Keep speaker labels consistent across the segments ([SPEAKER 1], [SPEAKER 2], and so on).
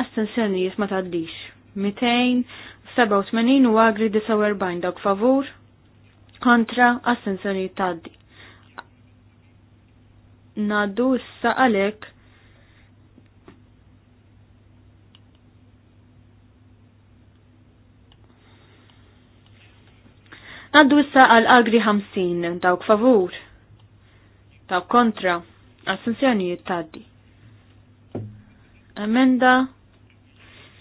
[SPEAKER 1] astensjonijiet ma taddix. 287 u agri 49 dawk favur kontra astensjonijiet taddi. Naddu issa għalek Naddu issa għal agri 50 dawk favur. Dawk kontra. Assenzjonijiet taddi. Emenda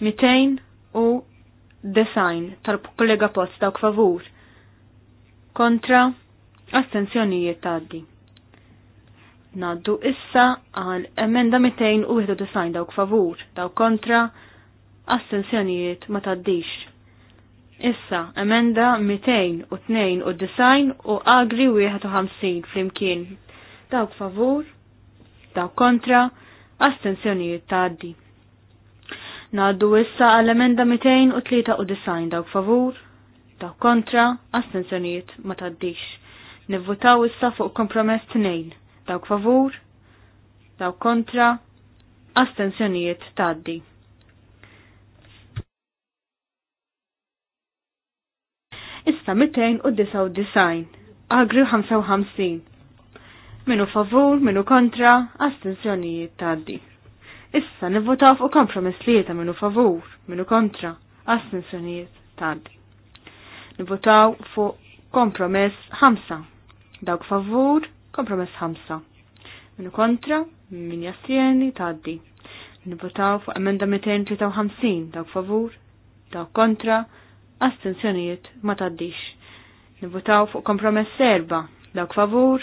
[SPEAKER 1] mitejn u design tal-kollega post dawk favur. Kontra astenzjonijiet taddi. Naddu issa għal emenda 291 dawk favur, dawk kontra astenzjonijiet ma taddix. Issa, emenda 292 u agri 51 flimkien. Dawk favur, dawk kontra, astensjonijiet taddi. Naddu issa għall-emenda 293 dawk favur, dawk kontra, astensjonijiet ma taddix. Nivvutaw issa fuq kompromess 2 dawk favur, dawk kontra, astensjonijiet taddi. Issa 299, agri 55. Minu favur, minu kontra, astensjonijiet taddi. Issa nivvotaw fuq kompromess li jeta minnu favur, minnu kontra, assenzjonijiet tanti. Nivvotaw fuq kompromess ħamsa. Dawk favur, kompromess ħamsa, Minnu kontra, min jastjeni tanti. Nivvotaw fuq emenda 253 dawk favur, dawk kontra, astenzjonijiet ma tgħaddix. Nivvotaw fuq kompromess serba, Dawk favur,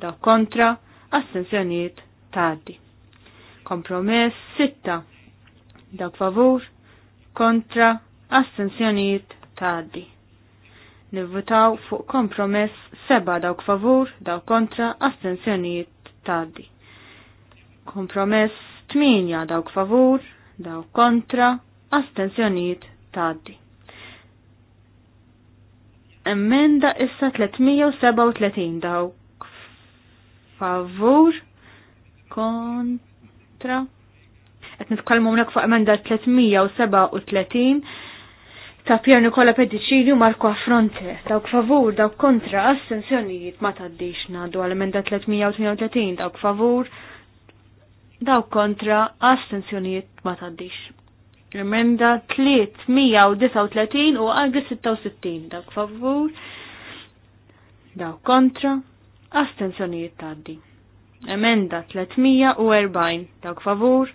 [SPEAKER 1] dawk kontra, astenzjonijiet tgħaddi. Kompromess sitta. Dawk favur, kontra, astensjonijiet taddi. Nivvutaw fuq kompromess seba' dawk favur, dak kontra, astensjonijiet taddi. Kompromess 8 dawk favur, dak kontra, astensjonijiet taddi. Emmenda issa 337 dawk favur, kontra, kontra. Qed nitkellmu hawnhekk fuq emenda 337 ta' Pier Nikola Pedicini u Marko Affronte. Dawk favur, dawk kontra, assenzjonijiet ma taddix ngħaddu għal emenda 338, dawk favur, dawk kontra, assenzjonijiet ma taddix. Emenda 339 u għagri 66, dawk favur, dawk kontra, astenzjonijiet taddi. Emenda 340 dawk favur,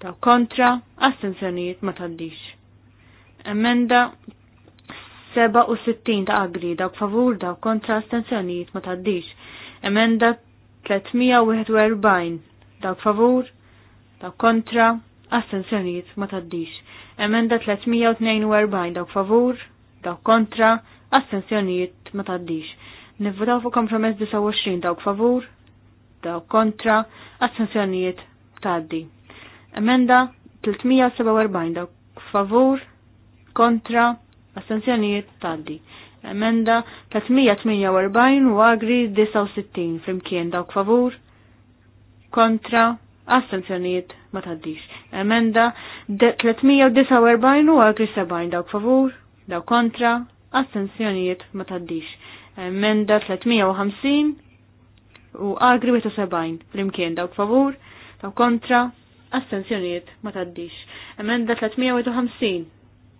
[SPEAKER 1] taw kontra, astenzjonijiet ma taddix. Emenda 67 ta' agri dawk favur, daw kontra, astenzjonijiet ma taddix. Emenda 341 dawk favur, dawk kontra, astenzjonijiet ma taddix. Emenda 342 dawk favur, daw kontra, astenzjonijiet ma taddix. Nivvotaw fuq kompromess 29 dawk favur, ta' kontra assenzjonijiet taddi. Emenda 347 da' favur kontra assenzjonijiet taddi. Emenda 348 u agri 69 flimkien dawk favur kontra assenzjonijiet ma taddix. Emenda 349 u agri 70 dawk favur, dawk kontra, assenzjonijiet ma taddix. Emenda 350 u agri 70 flimkien dawk favur, dawk kontra, astenzjonijiet ma taddix. Emenda 350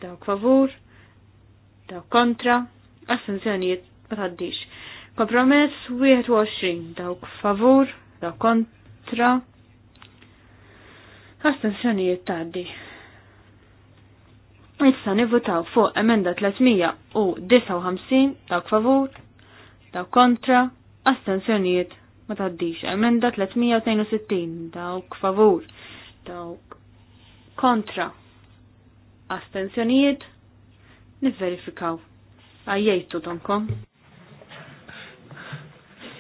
[SPEAKER 1] dawk favur, dawk kontra, astenzjonijiet ma taddix. Kompromess 21 dawk favur, dawk kontra, astenzjonijiet taddi. Issa nivvotaw fuq emenda 359 dawk favur, dawk kontra, astensjonijiet ma taddix. Emenda 362 dawk favur, dawk kontra astensjoniet, nifverifikaw. għajjajtu tonkom.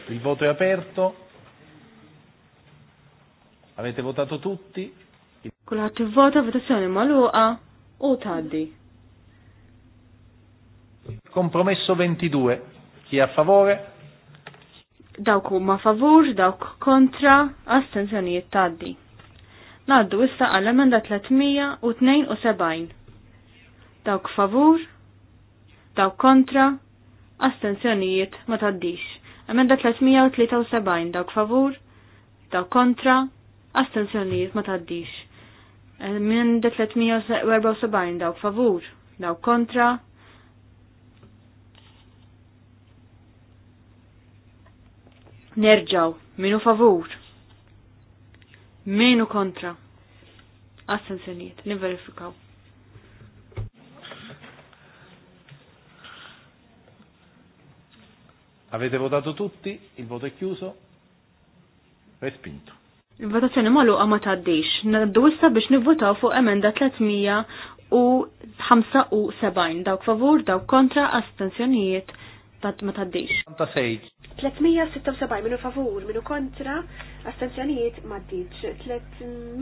[SPEAKER 2] Il voto è aperto. Avete votato tutti?
[SPEAKER 1] Kulħat voto, votazzjoni maluqa u taddi.
[SPEAKER 2] Compromesso 22. Chi è a favore?
[SPEAKER 1] dawk huma favur, dawk kontra, astenzjonijiet taddi. Naddu issa għall emenda 372. Dawk favur, dawk kontra, astenzjonijiet ma taddix. Emenda 373 dawk favur, dawk kontra, astenzjonijiet ma taddix. Emenda 374 dawk favur, dawk kontra, Nerġaw, minu favur. Minu kontra. Assenzjoniet, niverifikaw.
[SPEAKER 2] Avete votato tutti, il voto è chiuso, respinto.
[SPEAKER 1] Il-votazzjoni maluqa ma taddix. Naddu issa biex nivvotaw fuq emenda 375 dawk favur, dawk kontra, astensjonijiet ta' ma taddix.
[SPEAKER 2] 56.
[SPEAKER 1] 376
[SPEAKER 3] minu favur, minu kontra, astenzjonijiet maddiċ. 377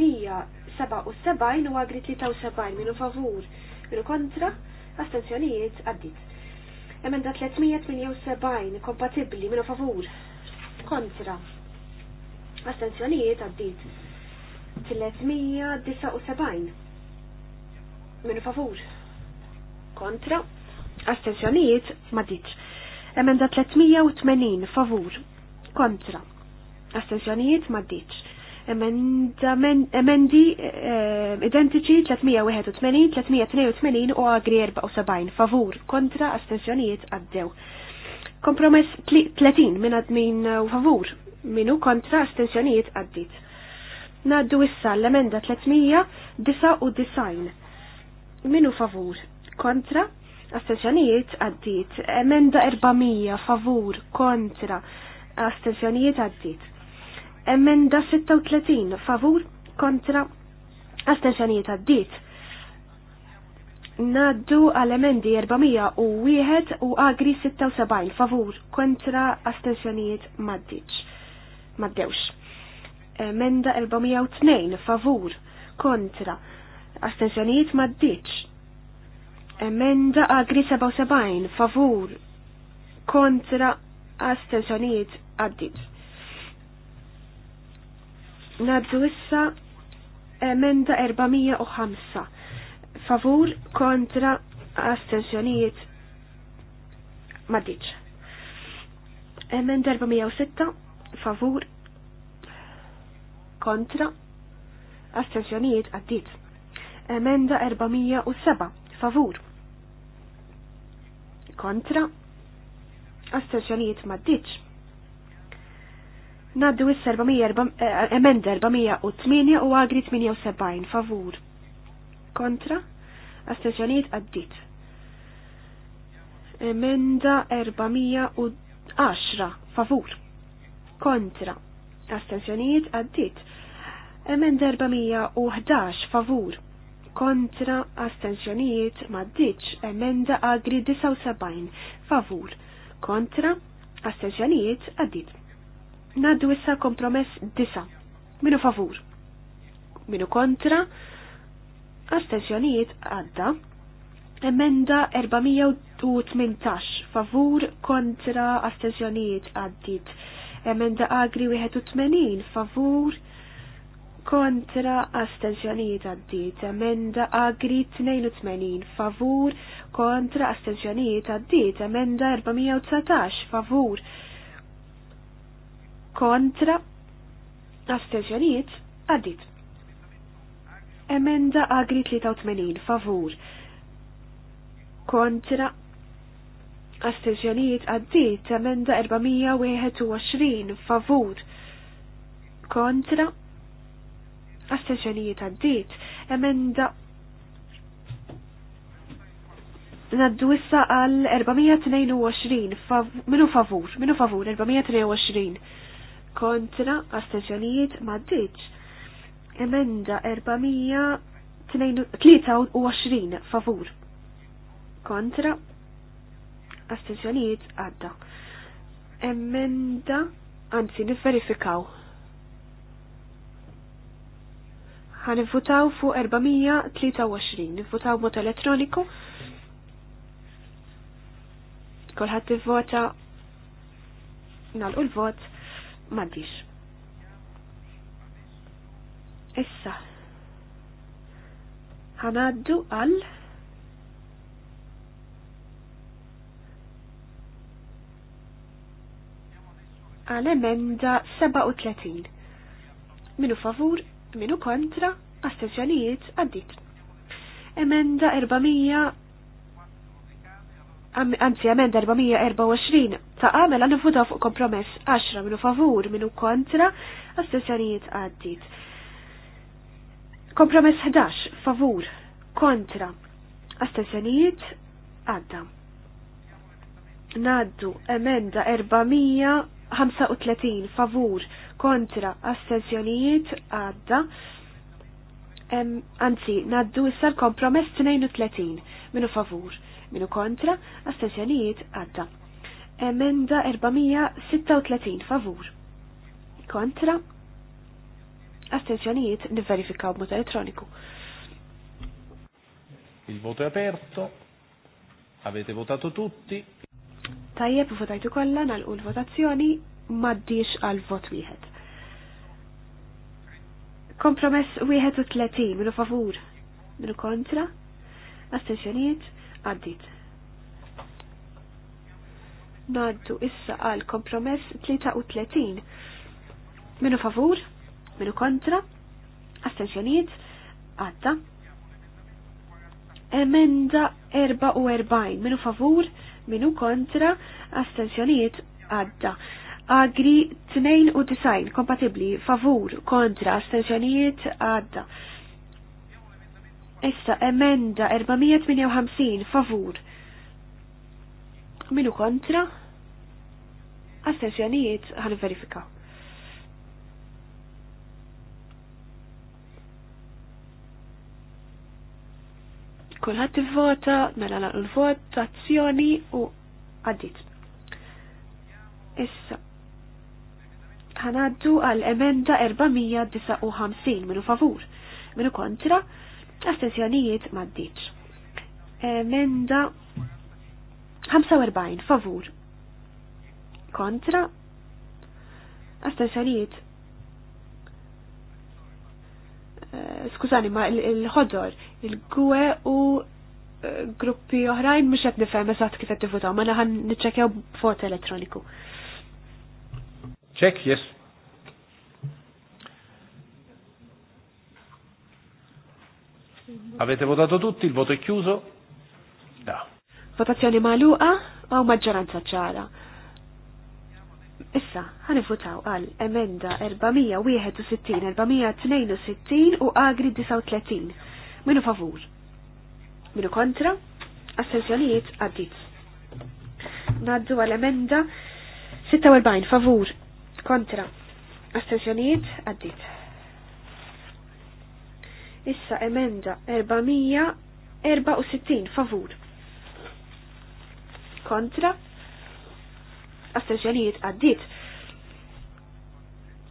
[SPEAKER 3] u għagri 37 minu favur, minu kontra, astenzjonijiet għaddit. Emenda 378 kompatibli minu favur, kontra, astenzjonijiet għaddit. 379 minu favur, kontra, astenzjonijiet maddiċ. Emenda 380 favur kontra. Astenzjonijiet maddiċ. Emendi eh, identiċi 381, 382 u agri 74 favur kontra astenzjonijiet għaddew. Kompromess 30 minn eh, u favur minu kontra astenzjonijiet għaddit. Naddu issa l-emenda 399 minu favur kontra astenzjonijiet għaddit. Emenda 400 favur kontra astenzjonijiet għaddit. Emenda 36 favur kontra astenzjonijiet għaddit. Naddu għal emendi 400 u agri 76 favur kontra astensjonijiet maddiċ. Maddewx. Emenda 402 favur kontra astensjonijiet maddiċ. Emenda agri 77 favur kontra astensjoniet għaddit. Nabdu issa emenda 405 favur kontra astensjoniet maddiċ. Emenda 406 favur kontra astensjoniet għaddit. Emenda 407 favur kontra, ma ddiċ. Naddu is eh, emenda 408 u agri 78 favur. Kontra, astenzjonijiet għaddit. Emenda 410 favur. Kontra, astenzjonijiet għaddit. Emenda 411 favur kontra astensjonijiet maddiċ emenda agri 79 favur kontra astensjonijiet għaddit. Naddu issa kompromess 9 minu favur minu kontra astensjonijiet għadda emenda 418 favur kontra astensjonijiet għaddit. Emenda agri 81 favur kontra astenzjonijiet għaddit, emenda agri 82 favur kontra astenzjonijiet għaddit, emenda 419 favur kontra astenzjonijiet għaddit. Emenda agri 83 favur kontra astenzjonijiet għaddit, emenda 421 favur kontra Astenzjonijiet għaddit. Emenda Naddu issa għal 422, minu favur, minu favur, 422. Kontra astenzjonijiet maddiċ. Emenda 423, favur. Kontra astenzjonijiet għadda. Emenda, anzi, niverifikaw. Għan votaw fuq 423, nivvotaw mod elettroniku. Kolħat vota nalqu l-vot maddix. Issa. Ħanaddu għal għal emenda 37. Minu favur Minu kontra, astenzjonijiet għaddit. Emenda 400 Anzi, emenda 424 ta' għamel għan nifutaw fuq kompromess 10 minu favur minu kontra astenzjonijiet għaddit. Kompromess 11 favur kontra astenzjonijiet għadda. Naddu emenda 400 35 favur kontra astenzjonijiet għadda. Anzi, naddu issa l-kompromess 32 minu favur, minu kontra, astenzjonijiet għadda. Emenda 436 favur. Kontra, astenzjonijiet niverifikaw b'mod elettroniku.
[SPEAKER 2] Il voto è aperto. Avete votato tutti.
[SPEAKER 3] Tajjeb votajtu kollha nagħlqu l-votazzjoni m'għaddix għal vot wieħed. Kompromess wieħed u tletin, minu favur, minu kontra, astensjonijiet għaddit. Naddu issa għal kompromess 33 minu favur, minu kontra, astensjonijiet għadda. Emenda 44 minu favur, minu kontra astensjonijiet għadda. Agri 92 kompatibli favur kontra astensjoniet għadda. Issa emenda 458 favur minu kontra astensjoniet għal verifikaw. Kulħadd vota mela nagħqu l-vot azzjoni u għaddit. Issa. Ħanaddu għal emenda 459 minu favur, minu kontra, astensjonijiet maddiċ. Emenda 45 favur, kontra, astensjonijiet Eh, skużani ma il-ħodor, il-gwe u eh, gruppi oħrajn mhux qed nifhem eżatt kif qed tivvutaw, ma naħan niċċekkjaw vot elettroniku.
[SPEAKER 2] Check, yes. Avete votato tutti, il voto è chiuso? Da.
[SPEAKER 3] Votazzjoni magħluqa u maġġoranza ċara. Issa, ħanifutaw għal emenda 461, 462 u agri 39. Minu favur. Minu kontra? Assenzjonijiet għaddit. Naddu għal emenda 46, favur. Kontra. Assenzjonijiet għaddit. Issa emenda 464, favur. Kontra? astenzjonijiet għaddit.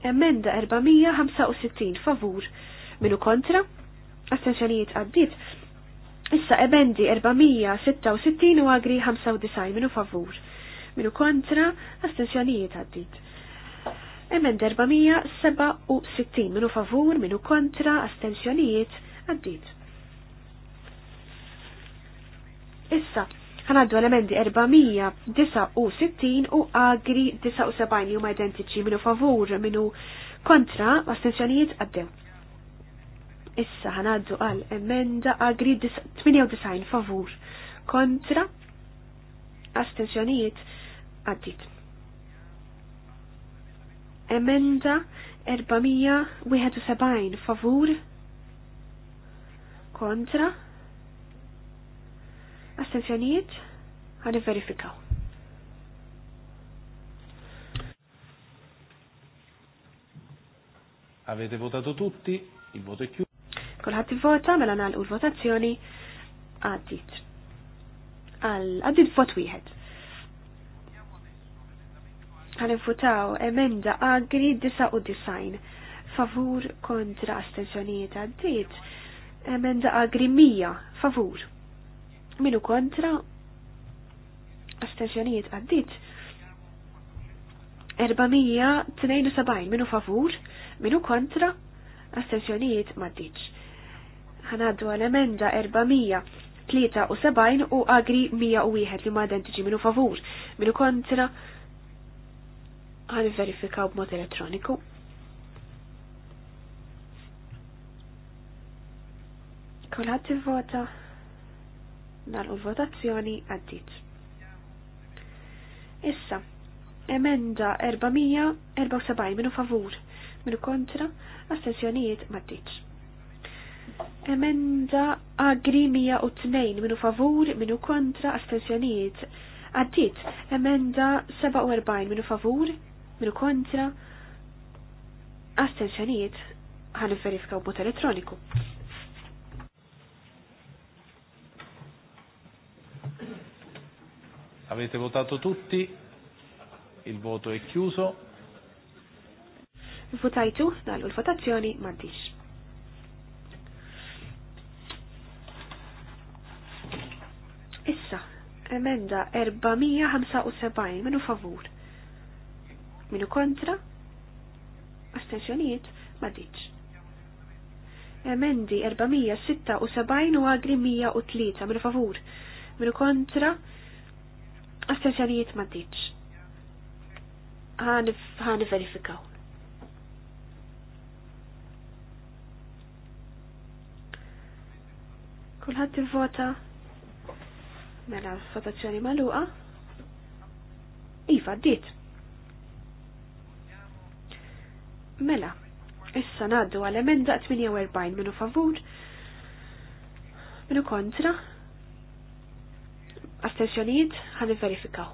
[SPEAKER 3] Emenda 465 favur minu kontra, astenzjonijiet għaddit. Issa emendi 466 u agri 95 minu favur. Minu kontra, astenzjonijiet għaddit. Emenda 467 minu favur, minu kontra, astenzjonijiet għaddit. Issa, ħanaddu elementi 469 u agri 79 juma huma identiċi minu favur minu kontra astenzjonijiet għaddew. Issa ħanaddu għal emenda agri 98 favur kontra astenzjonijiet għaddit. Emenda 471 favur kontra Astenzjonijiet? Għani verifikaw.
[SPEAKER 2] Avete votato tutti? Il voto è chiuso.
[SPEAKER 3] Kolħat vota mela nagħlqu l-votazzjoni għaddit. Għaddit vot wieħed. Għanifutaw emenda agri 99 favur kontra astenzjonijiet għaddit. Emenda agri 100 favur Minu kontra, astenzjonijiet għaddit. 472 minu favur, minu kontra, astenzjonijiet maddiċ. Ħanaddu għal-emenda 473 u agri 101 li ma identiċi minu favur, minu kontra, għan verifikaw b'mod elettroniku. Kolħat vota. vota nagħlqu votazzjoni għaddit. Issa, emenda 474 minu favur, minu kontra, astensjonijiet maddiċ. Emenda agri 102 minu favur, minu kontra, astensjonijiet għaddit. Emenda 47 minu favur, minu kontra, astensjonijiet verifika u bot elettroniku.
[SPEAKER 2] Avete votato tutti? Il voto è chiuso.
[SPEAKER 3] Votajtu dal-votazzjoni mantix. Issa, emenda 475 minu favur. Minu kontra? Astenzjonijiet ma Emendi 476 u agri 103 minu favur. Minu kontra? Astenzjonijiet ma ditx. Għan verifikaw. Kulħadd vota mela votazzjoni magħluqa. Iva dit. Mela, issa naddu għal emenda 48 minu favur, minu kontra, Astensjonijiet ħan verifikaw.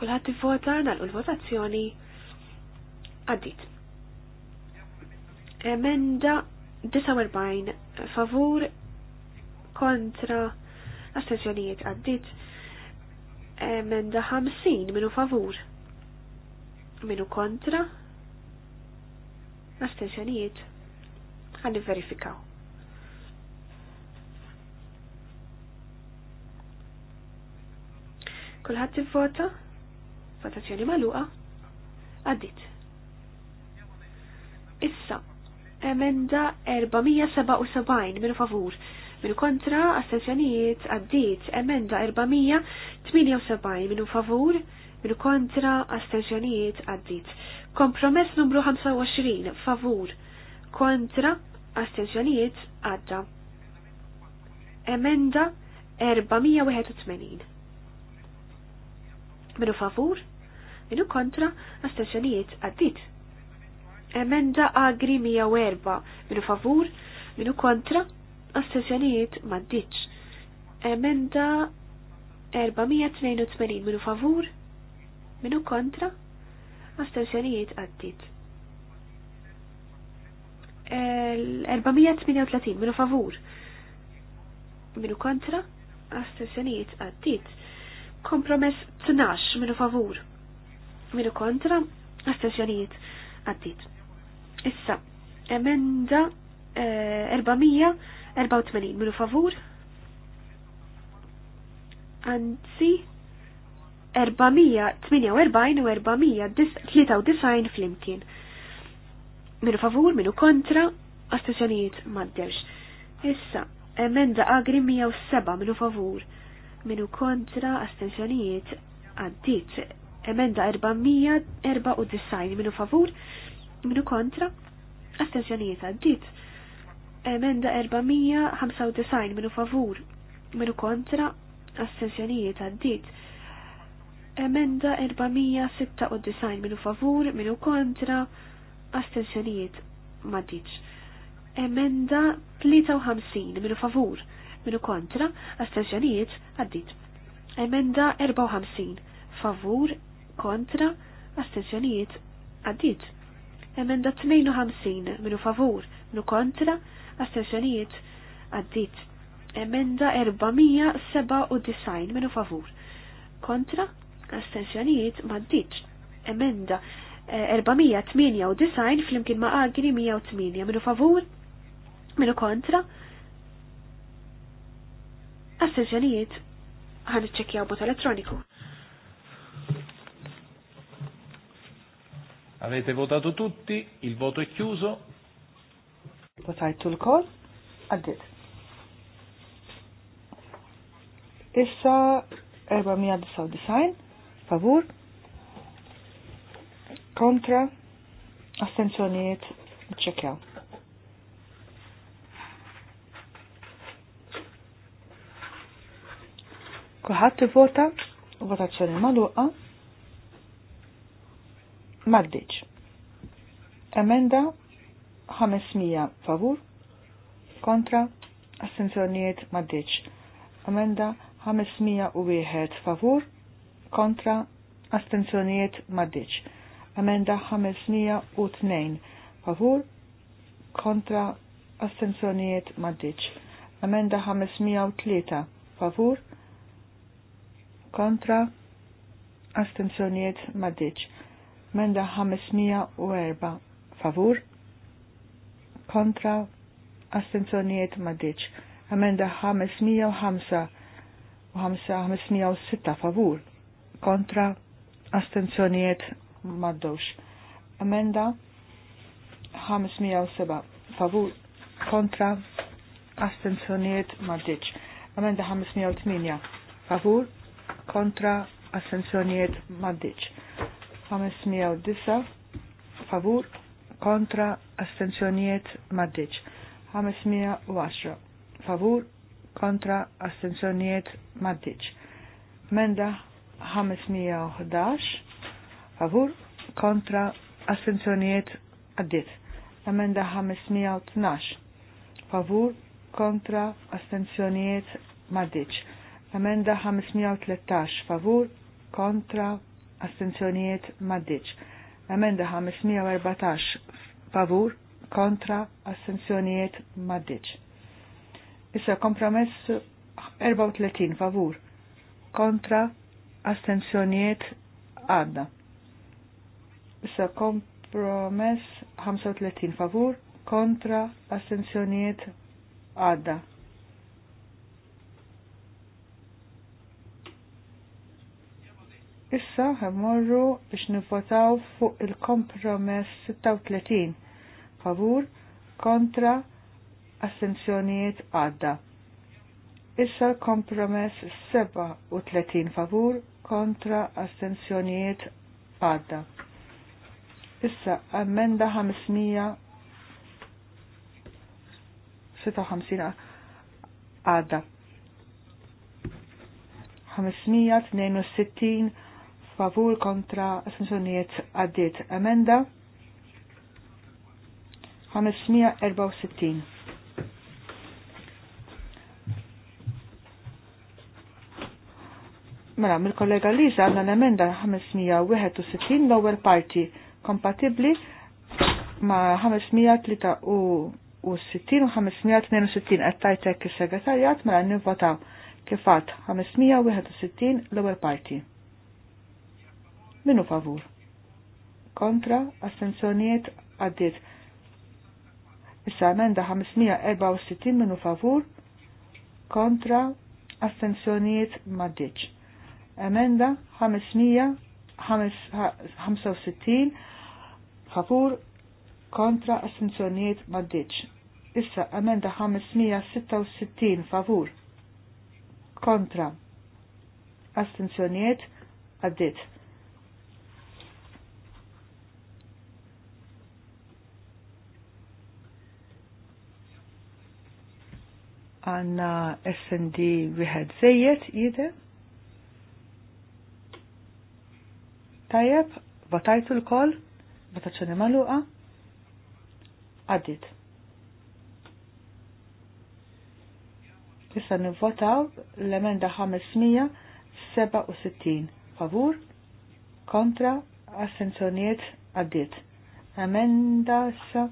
[SPEAKER 3] Kulħadd ivvota nagħlqu l-votazzjoni għaddit. Emenda 49 favur kontra astensjonijiet għaddit emenda 50 minu favur minu kontra astensjonijiet għan verifikaw. Kulħadd vota Votazzjoni magħluqa? Għaddit. Issa, emenda 477 minn favur. Minn kontra, astensjonijiet għaddit. Emenda 478 minn favur. Minn kontra, astensjonijiet għaddit. Kompromess numru 25 favur kontra astenzjonijiet għadda. Emenda 481. Minu favur, minu kontra astenzjonijiet għaddit. Emenda agri 104. Minu favur, minu kontra astenzjonijiet maddiċ. Emenda 482. Minu favur, minu kontra astensjonijiet għaddit. 438 minu favur, minu kontra, astensjonijiet għaddit. Kompromess 12 minu favur, minu kontra, astensjonijiet għaddit. Issa, emenda 484 eh, minu favur, anzi, 448 u 493 flimkien. Minu favur, minu kontra, astazzjonijiet maddewx. Issa, emenda agri 107 minu favur, minu kontra, astazzjonijiet għaddit. Emenda 494 minu favur, minu kontra, astazzjonijiet għaddit. Emenda 495 minu favur, minu kontra, astazzjonijiet għaddit Emenda 496 minu favur, minu kontra, astensjonijiet maddiċ. Emenda 53 minu favur, minu kontra, astensjonijiet għaddit. Emenda 54 favur, kontra, astensjonijiet għaddit. Emenda 52 minu favur, minu kontra, astensjonijiet għaddit. Emenda 497 minu favur, kontra, astensjonijiet maddiċ. Emenda 498 eh, flimkien ma' għagri 108 minu favur, minu kontra, astensjonijiet għan iċċekjaw bot elettroniku.
[SPEAKER 2] Avete votato tutti, il voto è chiuso.
[SPEAKER 4] Votajtu l-kol, għaddit. Issa 499 favur kontra astenzjoniet ċekjaw. Kuħat vota votazzjoni maluqa maddiċ. Emenda 500 favur kontra astenzjoniet maddiċ. Emenda 501 favur kontra astenzjonijiet maddiċ. Amenda 502 favur kontra astenzjonijiet maddiċ. Amenda 503 favur kontra astenzjonijiet maddiċ. Amenda 504 favur kontra astenzjonijiet maddiċ. Amenda 505 u 506 favur kontra astenzjonijiet maddux. Amenda 507 favur kontra astenzjonijiet maddux. Amenda 508 favur kontra astenzjonijiet maddux. 509 favur kontra astenzjonijiet maddux. 510 favur kontra astenzjonijiet maddux. Amenda 511 favur kontra astenzjonijiet għaddit. Amenda 512 favur kontra astenzjonijiet maddiċ. Amenda 513 favur kontra astenzjonijiet maddiċ. Amenda 514 favur kontra astenzjonijiet maddiċ. Issa kompromess 34 favur kontra astensjoniet għadda. Issa kompromess 35 favur kontra astensjoniet għadda. Issa ħemmorru biex nifotaw fuq il-kompromess 36 favur kontra astensjoniet għadda. Issa l-kompromess 37 favur kontra astensjonijiet għadda. Issa ammenda 556 għadda. 562 favur kontra astensjonijiet għaddit. Ammenda 564 Mela, mill-kollega Liza għanna l-emenda 561 lower party parti kompatibbli ma' 563 u 562 qed tajtek is-segretarjat mela nivvotaw kif kifat 561 lower party. Minu favur? Kontra, astenzjoniet, għaddiet. Issa emenda 564 minu favur? Kontra, astenzjoniet, maddiċ. Emenda 565 favur kontra astenzjonijiet maddiċ. Issa emenda 566 favur kontra astenzjonijiet għaddit. Għanna SND wieħed zejjed jide. Tajjeb, batajtu l-kol, votazzjoni maluqa, għaddit. Issa nivvotaw l-emenda 567 favur, kontra, assenzjoniet għaddit. Emenda sa,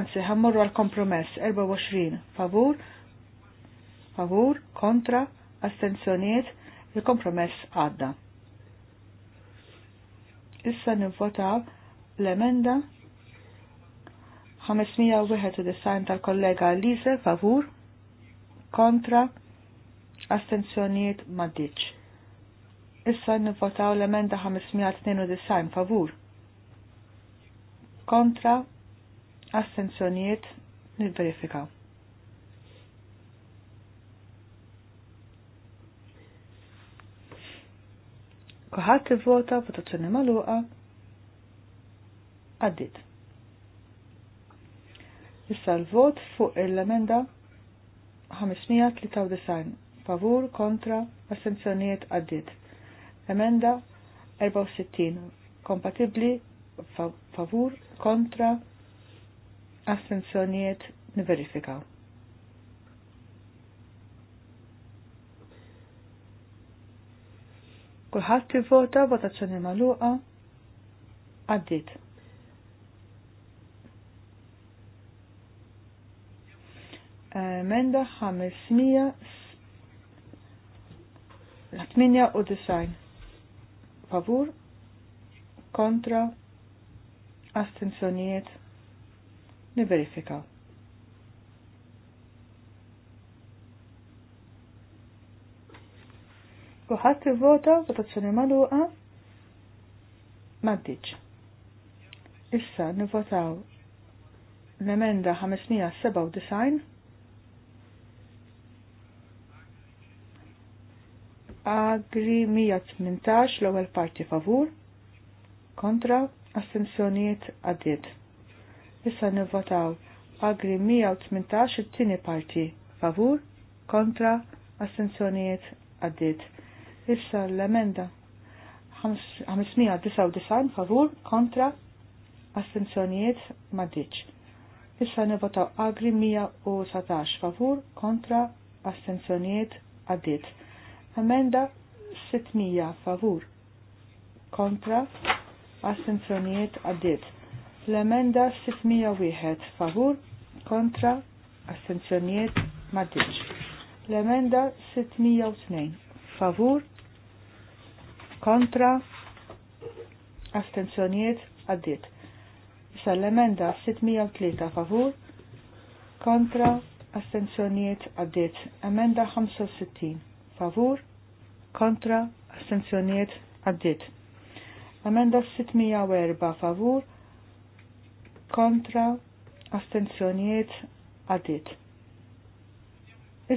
[SPEAKER 4] anzi, għammurru għal-kompromess, 24 favur, favur, kontra, assenzjoniet il-kompromess għadda. Issa nivvotaw l-emenda 591 tal-kollega Lise favur kontra astenzjoniet maddiċ. Issa nivvotaw l-emenda 592 favur. Kontra astenzjoniet nil-verifikaw. Kuħat vota votazzjoni maluqa għaddit. Issa l-vot fuq l-emenda 593 favur kontra assenzjonijiet għaddit. Emenda 64 kompatibli favur kontra assenzjonijiet niverifikaw. Kulħadd jivvota votazzjoni magħluqa għaddit. Emenda 500 u design. Favur, kontra, Astensjonijiet? niverifikaw. Kuħat il-vota, votazzjoni maluqa, maddiċ. Issa nivotaw l-emenda 597 Agri 118 l-ewwel parti favur, kontra astensjonijiet għaddiet. Issa nivvotaw Agri 118 it-tieni parti favur, kontra astensjonijiet għaddiet. Issa l-emenda 599 favur kontra astenzjonijiet maddiċ. Issa nivotaw agri 117 favur kontra astenzjonijiet għaddit. Emenda 600 favur kontra astenzjonijiet għaddit. L-emenda 601 favur kontra astenzjonijiet maddiċ. L-emenda 602 favur kontra astenzjoniet għaddit. Issa l-emenda 603 favur kontra astenzjoniet għaddit. Emenda 65 favur kontra astenzjonijiet għaddit. Emenda 604 favur kontra astenzjonijiet għaddit.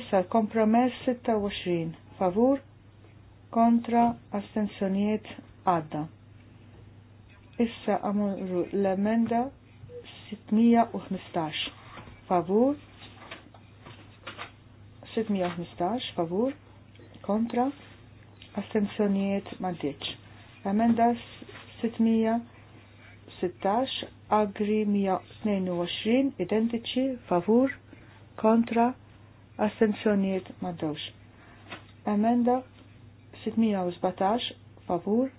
[SPEAKER 4] Issa kompromess 26 favur kontra astensjonijiet għadda. Issa għamurru l-emenda 615 favur 615 favur kontra astensjonijiet l Emenda 616 agri 122 identiċi favur kontra astensjonijiet maddawx. Emenda 617 favur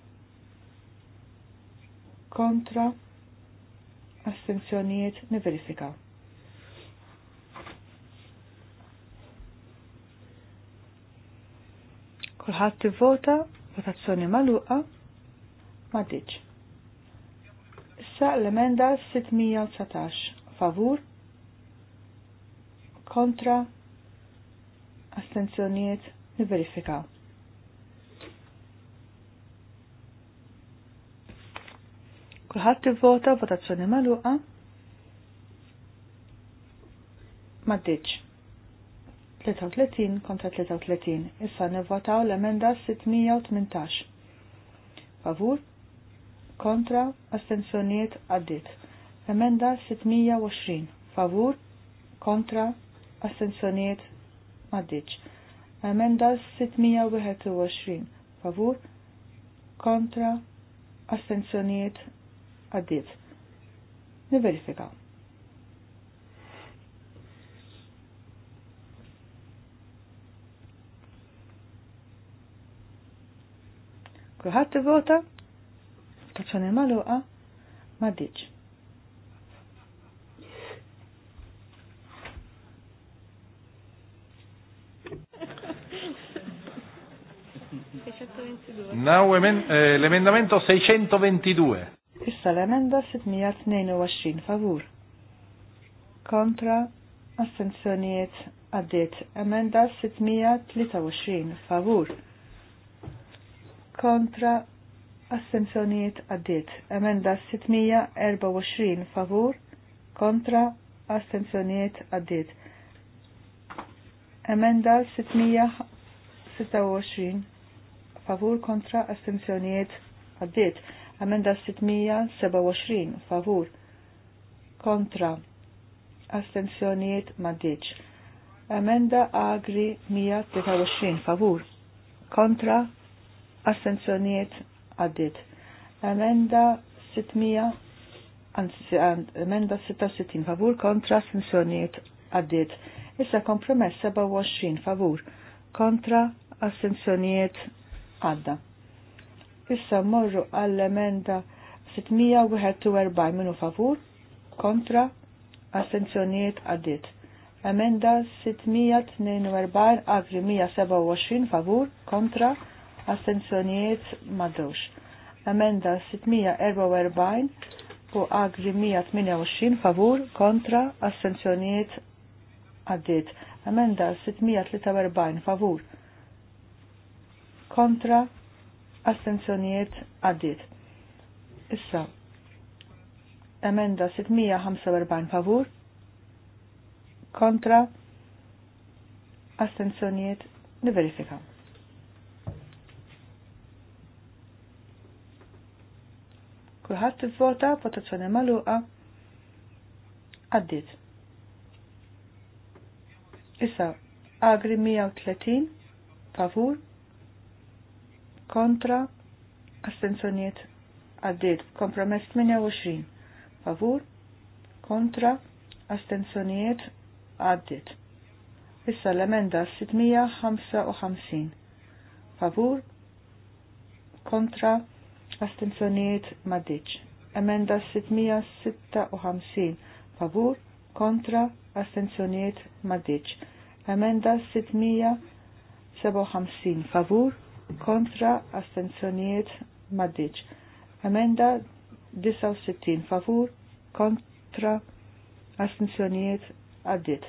[SPEAKER 4] kontra astenzjonijiet niverifika. Kulħadd tivvota votazzjoni magħluqa ma Issa l-emenda 619 favur kontra astenzjonijiet niverifikaw. Kulħadd tivvota votazzjoni magħluqa. Maddiċ. 33 kontra 33. Issa nivvotaw l-emenda 618. Favur? Kontra? Astenzjoniet għaddit. Emenda 620. Favur? Kontra? Astenzjoniet maddiċ. Emenda 621. Favur? Kontra? Astenzjoniet għaddiet. Niverifikaw. Kulħadd ivota taċċan il-maluqa ma diċ.
[SPEAKER 2] Now eh, emendamento 622.
[SPEAKER 4] Issa l-emenda 622 favur. Kontra assenzjonijiet għaddit. Emenda 623 favur. Kontra assenzjonijiet għaddit. Emenda 624 favur. Kontra assenzjonijiet għaddit. Emenda 626 favur kontra astenzjonijiet għaddit. Amenda 627 favur kontra astenzjonijiet maddiċ. Amenda agri 123 favur kontra astenzjonijiet għaddit. Amenda 600 anzi emenda 66 favur kontra astenzjonijiet għaddit. Issa kompromess 27 favur kontra astenzjonijiet għadda. Issa morru għall-emenda 641 minu favur, kontra, astenzjoniet għaddit. Emenda 642 agri 127 favur, kontra, astenzjoniet madrux. Emenda 644 u agri 128 favur, kontra, astenzjoniet għaddit. Emenda 643 favur, kontra, Astensjonijiet għaddit. Issa, emenda 645 favur, kontra, Astensjonijiet niverifika. Kulħadd ivvota votazzjoni magħluqa għaddiet. Issa, agri 130 favur, kontra astenzjoniet għaddit kompromess 28 favur kontra astenzjoniet għaddit issa l-emenda 655 favur kontra astenzjoniet maddiċ emenda 656 favur kontra astenzjoniet maddiċ emenda 657 favur kontra astenzjoniet maddiċ. Emenda 69 favur kontra astenzjoniet addit.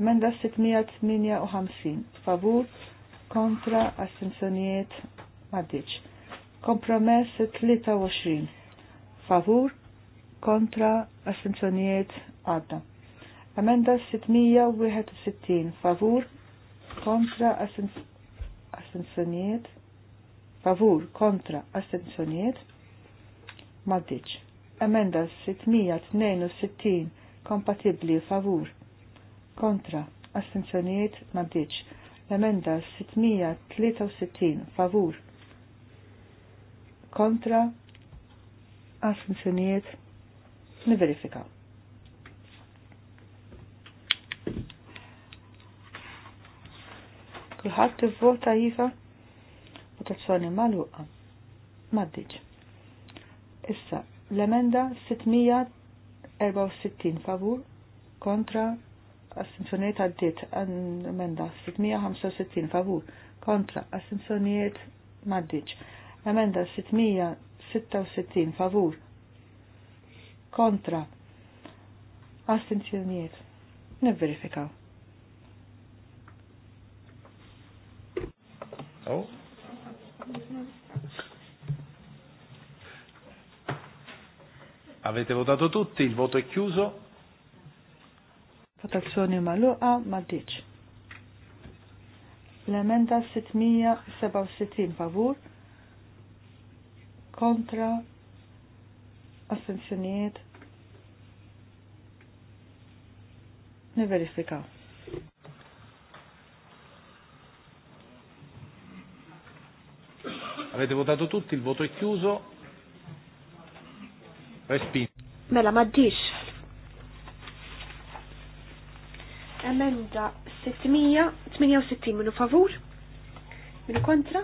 [SPEAKER 4] Emenda 658 favur kontra astenzjoniet maddiċ. Kompromess 23 favur kontra astenzjoniet għadda. Emenda 661 favur kontra astenzjoniet astenzjonijiet, favur kontra astenzjonijiet, maddiċ. Emenda 662 kompatibli favur kontra astenzjonijiet maddiċ. Emenda 663 favur kontra astenzjonijiet niverifikaw. Kulħadd ivvota iva. Votazzjoni magħluqa. M'għaddiġ. Issa, l-emenda 664 favur kontra assenzjoniet għaddit emenda 665 favur kontra assenzjoniet maddiċ. Emenda 666 favur kontra assenzjoniet. Nivverifikaw.
[SPEAKER 2] Oh. Avete votato tutti, il voto è chiuso.
[SPEAKER 4] Votazione maluqa, ma diċ. 677 emenda Contra. favur Ne astensjonijiet
[SPEAKER 2] Avete votato tutti, il voto è chiuso. Respinto. Mela maddix.
[SPEAKER 3] Emenda 668 minu favur, minu kontra,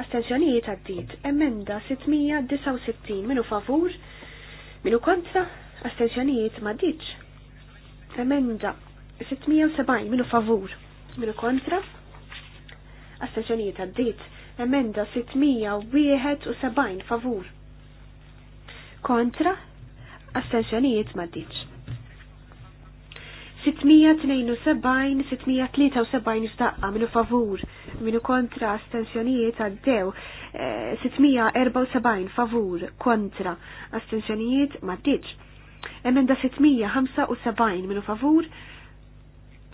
[SPEAKER 3] astenzjonijiet għaddit. Emenda 669 minu favur, minu kontra, astenzjonijiet maddix. Emenda 670 minu favur, minu kontra, Astensjonijiet għaddit. Emenda 671 favur. Kontra, astensjonijiet ma ddiċ. 672, 673 f'daqqa minu favur, minu kontra astensjonijiet għaddew, 674 eh, favur, kontra astensjonijiet ma ddiċ. Emenda 675 minu favur,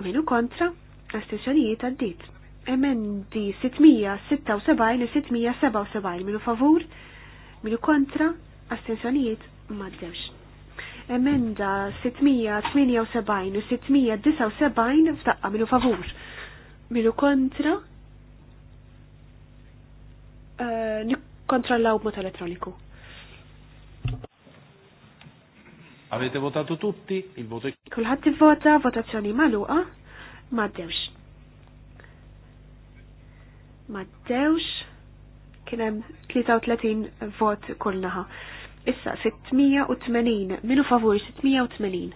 [SPEAKER 3] minu kontra astensjonijiet għaddit emendi 676 li 677 minu favur, minu kontra, astensjonijiet maddewx. Emenda 678 u 679 ftaqqa minu favur, minu kontra, uh, nikkontrollaw mot elettroniku.
[SPEAKER 2] Avete votato tutti? Il voto è...
[SPEAKER 3] Kulħat vota votazzjoni maluqa, maddewx maddewx kienem 33 vot kullnaħa. Issa 680, minu favur 680.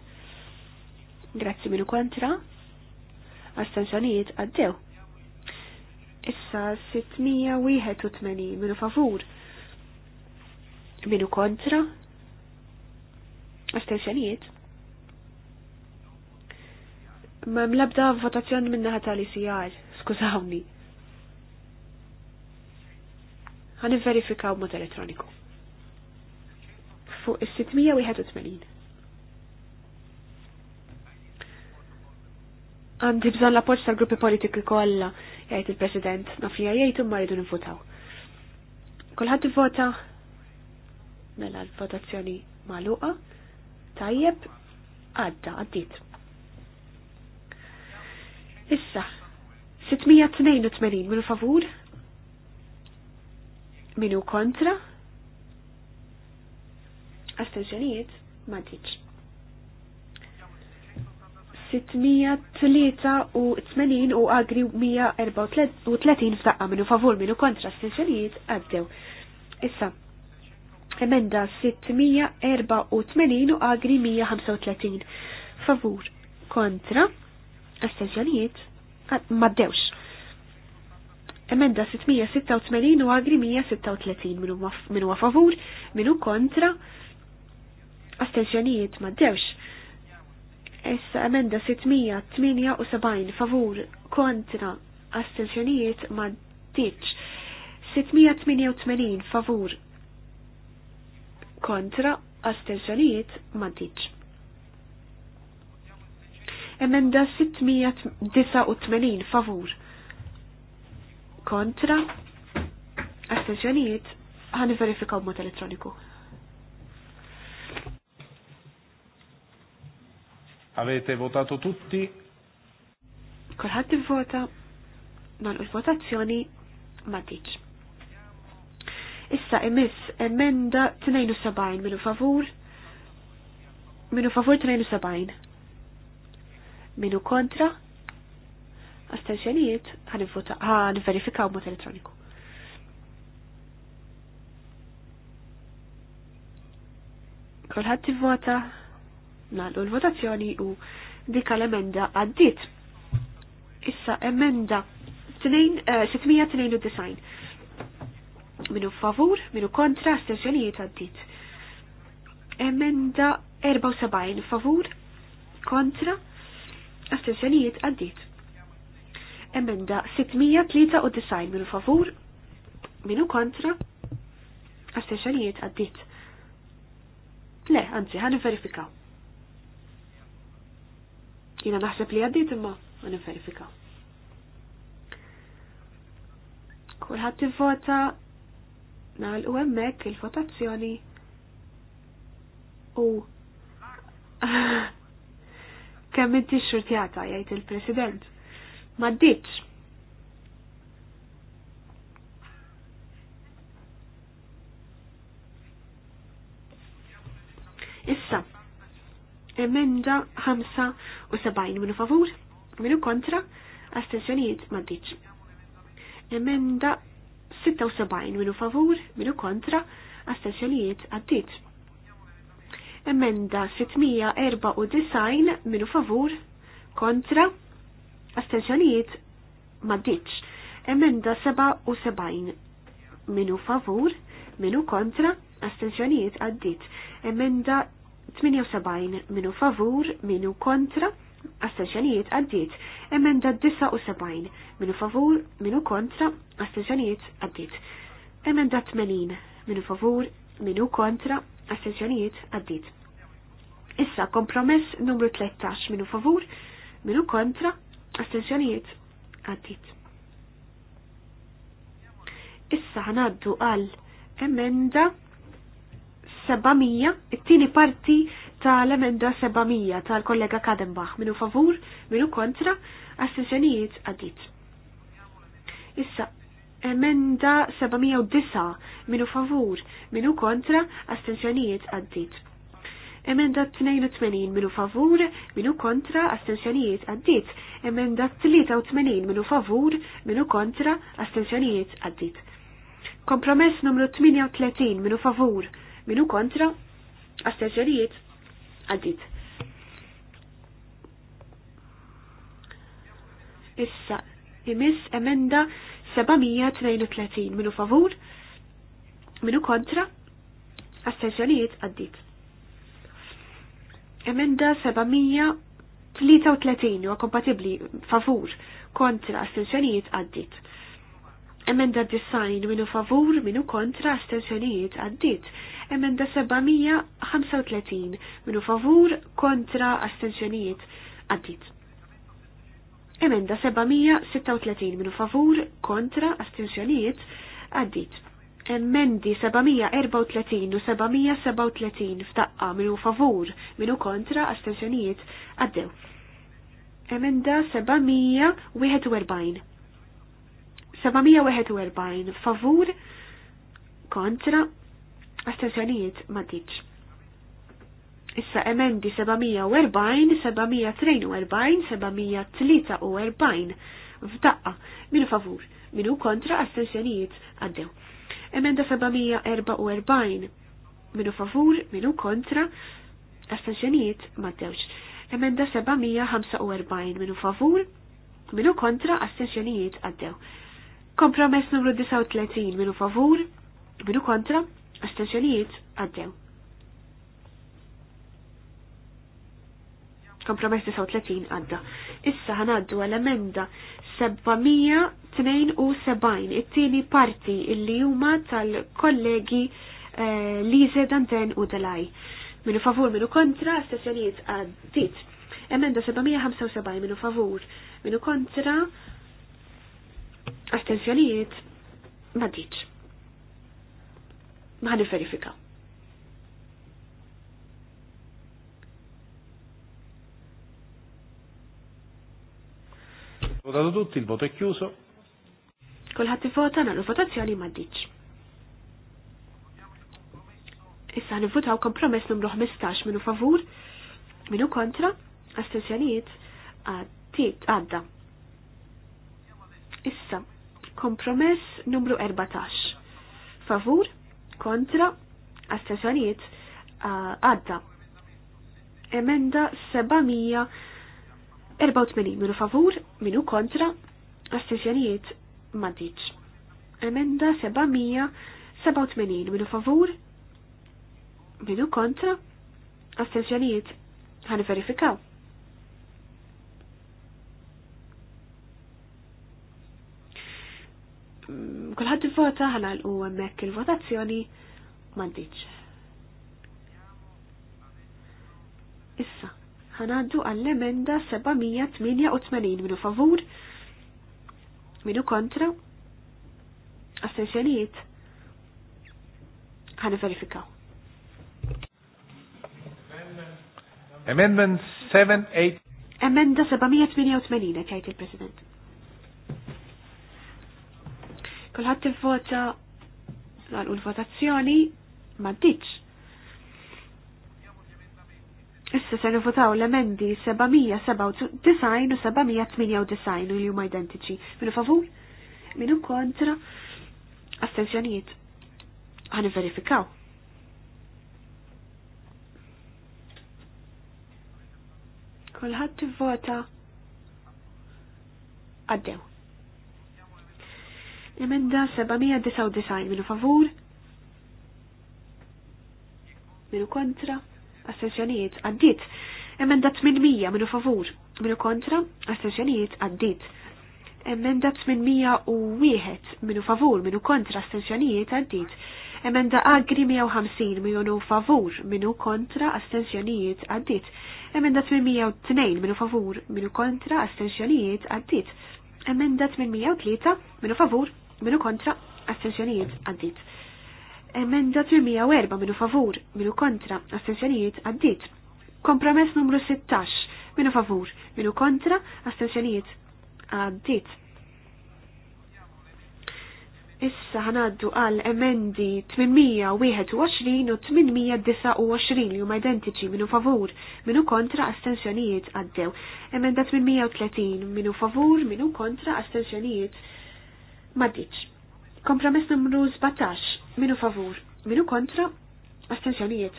[SPEAKER 3] Grazzi minu kontra. Astenzjonijiet għaddew. Issa 681 minu favur. Minu kontra. Astenzjonijiet. Ma mlabda votazzjoni minna ħata li sijar, skużawni. Għan verifikaw mod elettroniku. Fuq is-681. Għandi bżon la appoġġ tal-gruppi politiki kollha, jgħid il-President, nafija jgħid u rridu nifutaw. Kulħadd ivvota mela l-votazzjoni magħluqa, tajjeb, għadda, għaddit. Issa, 682 minu favur, Minu kontra? Astenzjonijiet ma u 683 u agri 134 f'daqqa minu favur minu kontra astenzjonijiet għaddew. Issa, emenda 684 u agri 135 favur kontra astenzjonijiet maddewx. Emenda 686 u agri 136 minu favur, minu kontra, astenzjonijiet maddewx. Issa emenda 678 favur kontra astenzjonijiet maddiċ. 688 favur kontra astenzjonijiet maddiċ. Emenda 689 favur kontra, astenzjonijiet, għani verifika mod elettroniku.
[SPEAKER 2] Avete votato tutti?
[SPEAKER 3] Kolħat vota non il-votazzjoni ma tiċ. Issa emis emenda 72 minu favur, minu favur 72. Minu kontra, astensjonijiet għan verifikaw mod elettroniku. Kolħat t-vota, nallu l-votazzjoni u dika l-emenda għaddit. Issa emenda 692. Eh, minu favur, minu kontra, astensjonijiet għaddit. Emenda 74 favur, kontra, astensjonijiet għaddit Emenda 693 minu favur, minu kontra, għasteċanijiet għaddit. Le, għanzi, għan verifikaw. Jina naħseb li għaddit imma għan verifikaw. Kurħat t-vota naħal u emmek il-votazzjoni u kemm inti xurtjata jgħid il-President ma ddiċ. Issa, emenda 75 minu favur, minu kontra, astensjonijiet ma ddiċ. Emenda 76 minu favur, minu kontra, astensjonijiet għaddit. Emenda 694 minu favur, kontra, astensjonijiet maddiċ. Emenda 77 minu favur, minu kontra, astensjonijiet għaddit. Emenda 78 minu favur, minu kontra, astensjonijiet għaddit. Emenda 79 minu favur, minu kontra, astensjonijiet għaddit. Emenda 80 minu favur, minu kontra, astensjonijiet għaddit. Issa kompromess numru 13 minu favur, minu kontra, Astensjonijiet, għaddit. Issa għanaddu għal emenda 700, it-tieni parti tal-emenda 700 tal-kollega Kadenbach. Minu favur, minu kontra, astensjonijiet, għaddit. Issa emenda 709, minu favur, minu kontra, astenzjonijiet għaddit. Emenda 82 minu favur, minu kontra, astensjonijiet għaddit. Emenda 83 minu favur, minu kontra, astensjonijiet għaddit. Kompromess numru 38 minu favur, minu kontra, astensjonijiet għaddit. Issa, imis emenda 732 minu favur, minu kontra, astensjonijiet għaddit. Emenda 733 huwa kompatibbli favur kontra astensjonijiet għaddit. Emenda design minu favur minu kontra astensjonijiet għaddit. Emenda 735 minu favur kontra astensjonijiet għaddit. Emenda 736 minu favur kontra astensjonijiet għaddit emmendi 734 u 737 f'daqqa minu favur minu kontra astensjonijiet għaddew. Emenda 741. 741 favur kontra astensjonijiet maddiċ. Issa emendi 740, 743, 743 f'daqqa minu favur minu kontra astensjonijiet għaddew. Emenda 744 minu favur, minu kontra, astenzjonijiet maddewx. Emenda 745 minu favur, minu kontra, astenzjonijiet għaddew. Kompromess numru 39 minu favur, minu kontra, astenzjonijiet għaddew. Kompromess 39 għadda. Issa ħanaddu għal-emenda 700 72 it-tieni parti illi huma tal-kollegi eh, Lise Danten u Dalaj. Minu favur, minu kontra, sessjonijiet għaddit. Emenda 775 minu favur, minu kontra, astensjonijiet ma diċ. Ma verifika.
[SPEAKER 2] Votato tutti, il voto è chiuso.
[SPEAKER 3] Kulħadd na nagħmlu votazzjoni ma d-dicċ. Issa n-votaw kompromess numru 15 minu favur, minu kontra, astensjonijiet għadda. Issa, kompromess numru 14. Favur, kontra, astensjonijiet għadda. Emenda 784 minu favur, minu kontra, astensjonijiet ma diċ. Emenda 787 minu favur, minu kontra, Astenzjoniet? ħani verifikaw.
[SPEAKER 1] Mm, kulħadd
[SPEAKER 3] vota l u hemmhekk il-votazzjoni m'għandix. Issa, ħanaddu għall-emenda 788 minu favur, Minu kontra? Astenzjonijiet? Ħana verifikaw.
[SPEAKER 2] Amendment 7-8.
[SPEAKER 3] Emenda 788, kajt il-President. Kolħat il vota l-votazzjoni ma ditx. Issa se nifutaw l-emendi 797 u 798 u li huma identiċi. Minu favur? Minu kontra? Astenzjonijiet. Għan verifikaw. Kolħat t-vota għaddew. Emenda 799 minu favur? Minu kontra? astensjonijiet għaddit. Emenda 800 minu favur, minu kontra, astensjonijiet għaddit. Emenda 801 minu favur, minu kontra, astensjonijiet għaddit. Emenda agri 150 minu favur, minu kontra, astensjonijiet għaddit. Emenda 802 minu favur, minu kontra, astensjonijiet għaddit. Emenda 803 minu favur, minu kontra, astensjonijiet għaddit. Emenda 304 minu favur, minu kontra, astensjonijiet għaddit. Kompromess numru 16 minu favur, minu kontra, astensjonijiet għaddit. Issa ħanaddu għal emendi 821 u 829 li huma identiċi minu favur, minu kontra astensjonijiet għaddew. Emenda 830 minu favur, minu kontra astensjonijiet maddiċ. Kompromess numru 17 Minu favur, minu kontra, astensjonijiet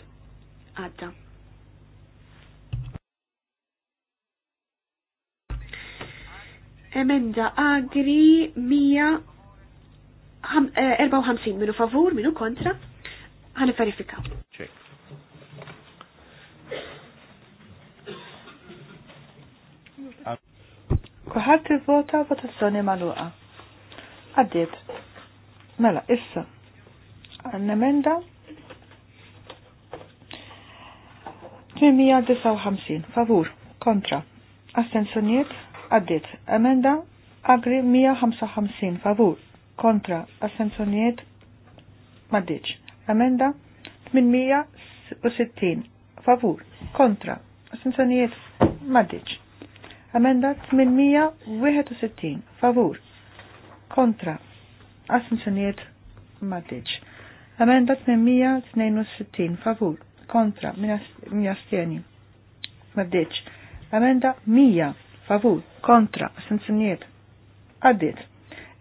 [SPEAKER 3] għadda. Emenda agri 154 eh, minu favur, minu kontra, għani verifika.
[SPEAKER 5] Check.
[SPEAKER 4] Kuħat il-vota votazzjoni maluqa. Għaddit. Mela, issa, Għannemenda 859 favur kontra astensjoniet għaddit. Emenda agri 155 favur kontra astensjoniet maddiċ. Emenda 860 favur kontra astensjoniet maddiċ. Amenda 861 favur kontra astensjoniet maddiċ. Amenda 862 favur kontra minjastjeni. Maddeċ. Amenda 100 favur kontra assenzjoniet. Għaddit.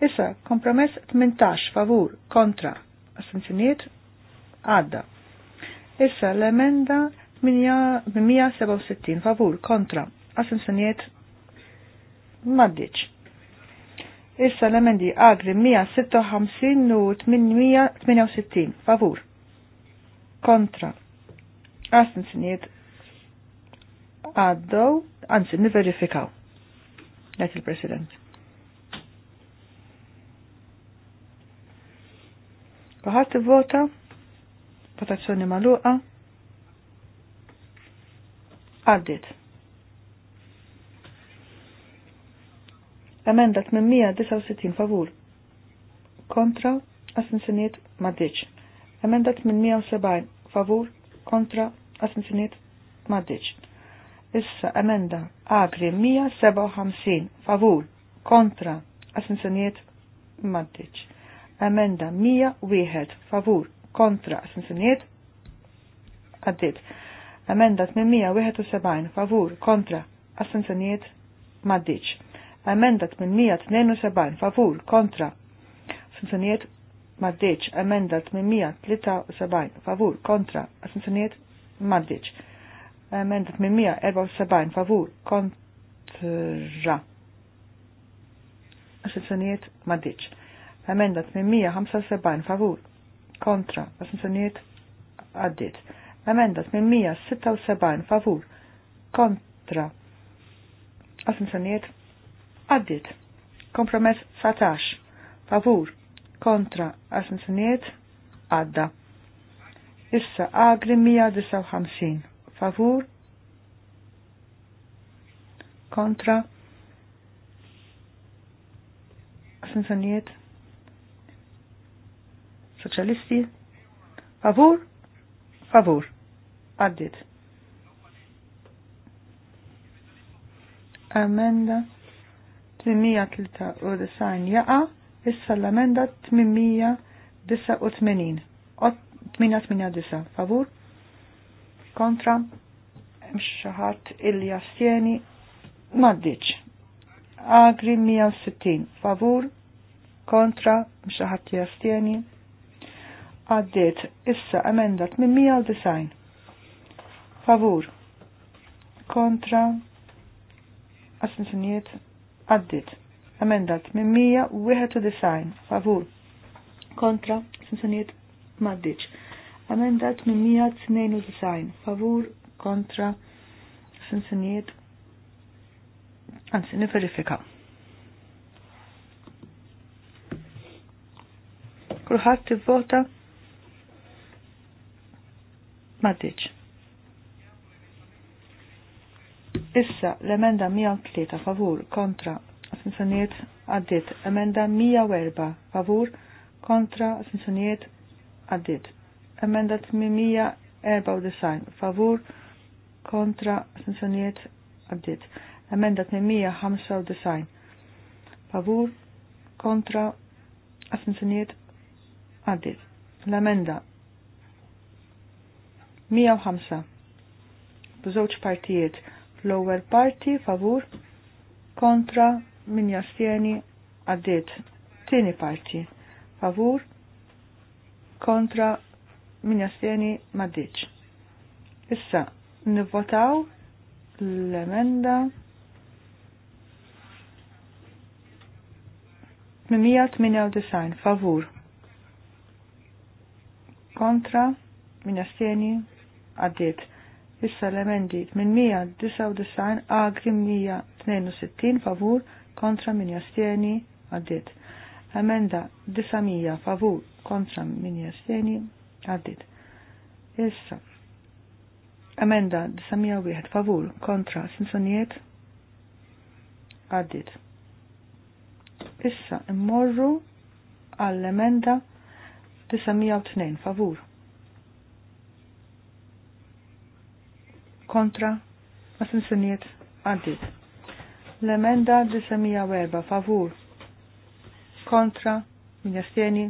[SPEAKER 4] Issa kompromess 18 favur kontra assenzjoniet. Għadda. Issa l-emenda 167 favur kontra assenzjoniet. Maddeċ. Issa l-emendi għagri 156 u 868 favur. Kontra. s-niet għaddow, anzi verifikaw Għet il-President. Kuħat vota votazzjoni maluqa, għaddit. Emenda 869 favur. Kontra assenzjoniet maddiċ. Emenda 870 favur. Kontra assenzjoniet maddiċ. Issa emenda agri 157 favur. Kontra assenzjoniet maddiċ. Emenda 101 favur. Kontra assenzjoniet għaddit. Emenda 871 favur kontra assenzjoniet maddiċ. Emenda 872 favur kontra assenzjonijiet maddiċ. Emenda 873 favur kontra assenzjonijiet maddiċ. Emenda 874 favur kontra assenzjonijiet maddiċ. Emenda 875 favur kontra assenzjonijiet għaddit. Emenda 876 favur kontra assenzjonijiet Addit. Kompromess satax. Favur kontra assenzjoniet Adda. Issa agri 159. Favur kontra assenzjoniet Socialisti. favur favur għaddit. Amenda 893 jaqa, issa l-amenda 889. 889, favur? Kontra? Mxaħat ilja jastjeni? Maddiċ. Agri 160, favur? Kontra? Mxaħat jastjeni? Għaddit, issa amenda 890. Favur? Kontra? Assenzjoniet? għaddit. Emendat minn 191 favur kontra sensonijiet maddiċ. Emendat minn 192 favur kontra sensonijiet għansi Kruħat t vota. maddiċ. Issa l-emenda 103 favur kontra assenzjoniet għaddit. Emenda 104 favur kontra assenzjoniet għaddit. Emenda 894 favur kontra assenzjoniet għaddit. Emenda 895 favur kontra assenzjoniet għaddit. L-emenda 105 b'żewġ partijiet L-ewwel parti favur kontra min jastjeni għaddiet. Tieni parti favur kontra min jastjeni maddiċ. Issa nivvotaw l-emenda 898 favur kontra min jastjeni għaddiet. Issa l-emendi 899 agri 162 favur kontra min jastieni għaddit. Emenda 900 favur kontra min jastieni għaddit. Issa. Emenda 901 favur kontra sinsoniet għaddit. Issa immorru għall-emenda 902 favur kontra ma assenzjoniet għaddit. L-emenda 904 favur kontra min jastieni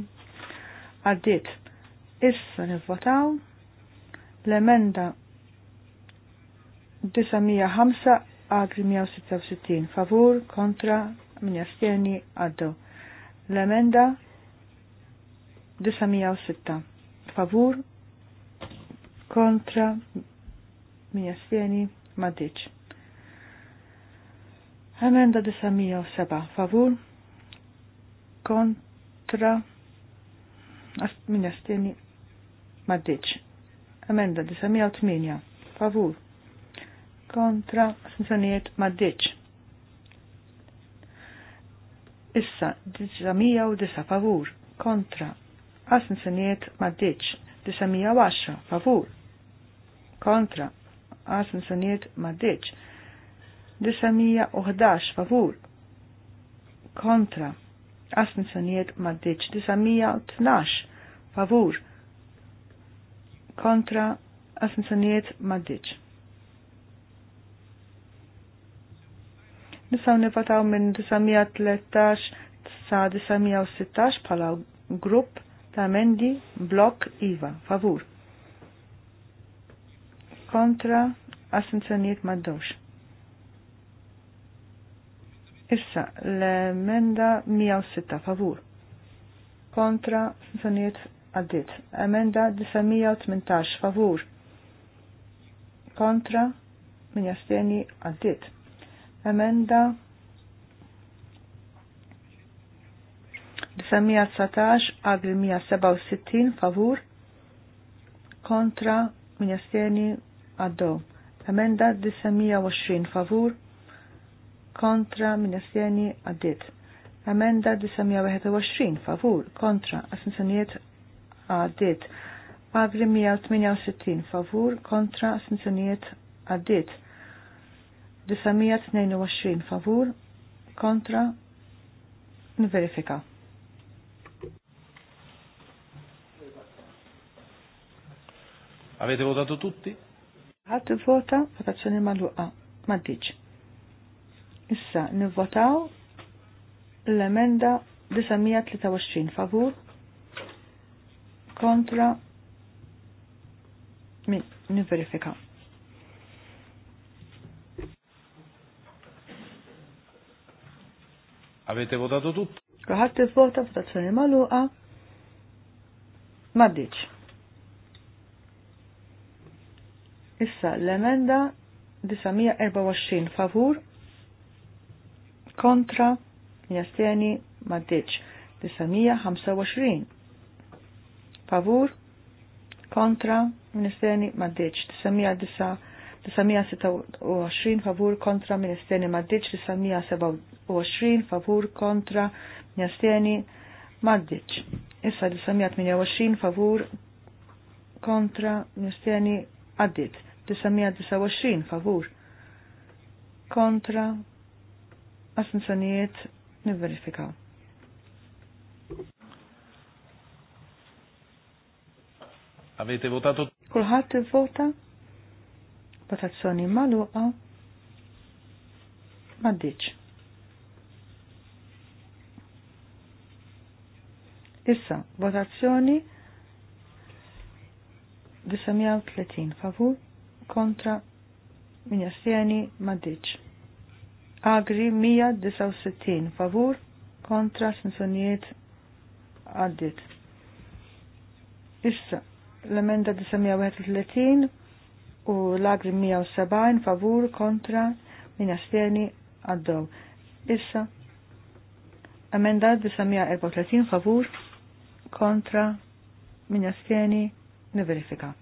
[SPEAKER 4] għaddit. Issa nivvotaw l-emenda 905 agri 166 favur kontra min jastieni għaddu. L-emenda 906 favur kontra min jastjeni ma diċ. Emenda 907 favur kontra min jastjeni ma diċ. Emenda 908 favur kontra Issa ma mija u disa favur kontra għasn seniet maddiċ 910 favur kontra għas msunijiet maddiċ. 911 favur kontra għas msunijiet maddiċ. 912 favur kontra għas msunijiet maddeċ. Nisaw nifataw minn 913 sa 916 pala grupp ta' mendi blok IVA favur kontra assenzjoniet maddux. Issa, l-emenda 106 favur. Kontra assenzjoniet għaddit. Emenda 918 favur. Kontra min jasteni għaddit. Emenda 919 għagri 167 favur. Kontra min jasteni għaddo. Emenda 920 favur kontra minnesjeni għaddit. Emenda 921 favur kontra asmissjoniet għaddit. Pagri 168 favur kontra asmissjoniet għaddit. 922 favur kontra nverifika.
[SPEAKER 2] Avete votato tutti?
[SPEAKER 4] Għad vota votazzjoni maluqa, maddiċ. Issa nivvotaw l-emenda 923 favur kontra min nivverifika.
[SPEAKER 2] Avete votato tutti?
[SPEAKER 4] Kuħat vota votazzjoni maluqa, maddiċ. Issa l-emenda 924 favur kontra jastjeni maddiċ 925 favur kontra ministeni maddiċ 926 favur kontra ministeni maddiċ 927 favur kontra ministeni maddiċ issa 928 favur kontra ministeni għaddit 1929 favur kontra assenzjonijiet nivverifikaw.
[SPEAKER 2] Avete votato?
[SPEAKER 4] Kulħadd vota, Votazzjoni magħluqa? maddiċ. Issa, votazzjoni 930 favur kontra min jastieni Agri 169 favur kontra sensonijiet għaddit. Issa, l-emenda 931 u l-agri 170 favur kontra min jastieni għaddow. Issa, emenda 934 favur kontra min jastieni niverifika.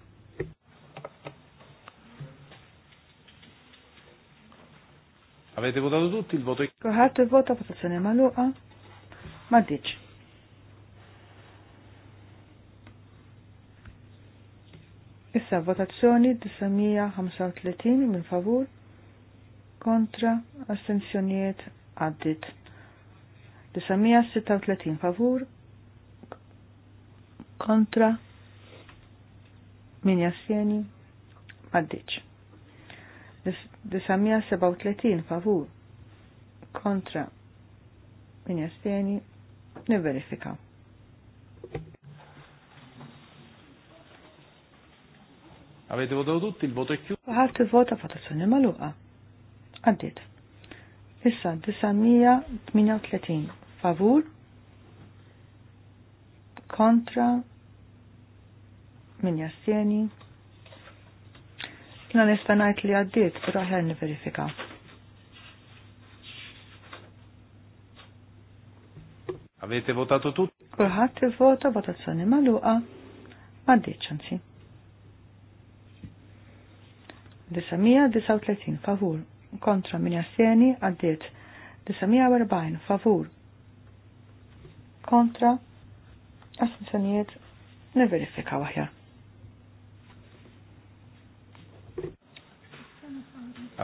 [SPEAKER 2] Avete votato tutti il voto?
[SPEAKER 4] Corretto il voto, votazzjoni maluqa. Ma Issa votazzjoni 935 minn favur kontra astensjonijiet għaddit. 936 favur kontra min jasjeni għaddiċ. 937 favur kontra min jasteni nivverifika.
[SPEAKER 2] Avete votato tutti, il voto è chiuso.
[SPEAKER 4] Ho fatto il-vota voto, fatto il ha votazzjoni maluqa. Għaddit. Issa 938 favur kontra min jasteni jina nistanajt li għaddit, pero ħer niverifika.
[SPEAKER 2] Avete votato tutti?
[SPEAKER 4] Kulħadd ivvota votazzjoni magħluqa għaddiet ċansi. 939 favur kontra min jassieni għaddiet 940 favur kontra assenzjonijiet niverifika waħjar.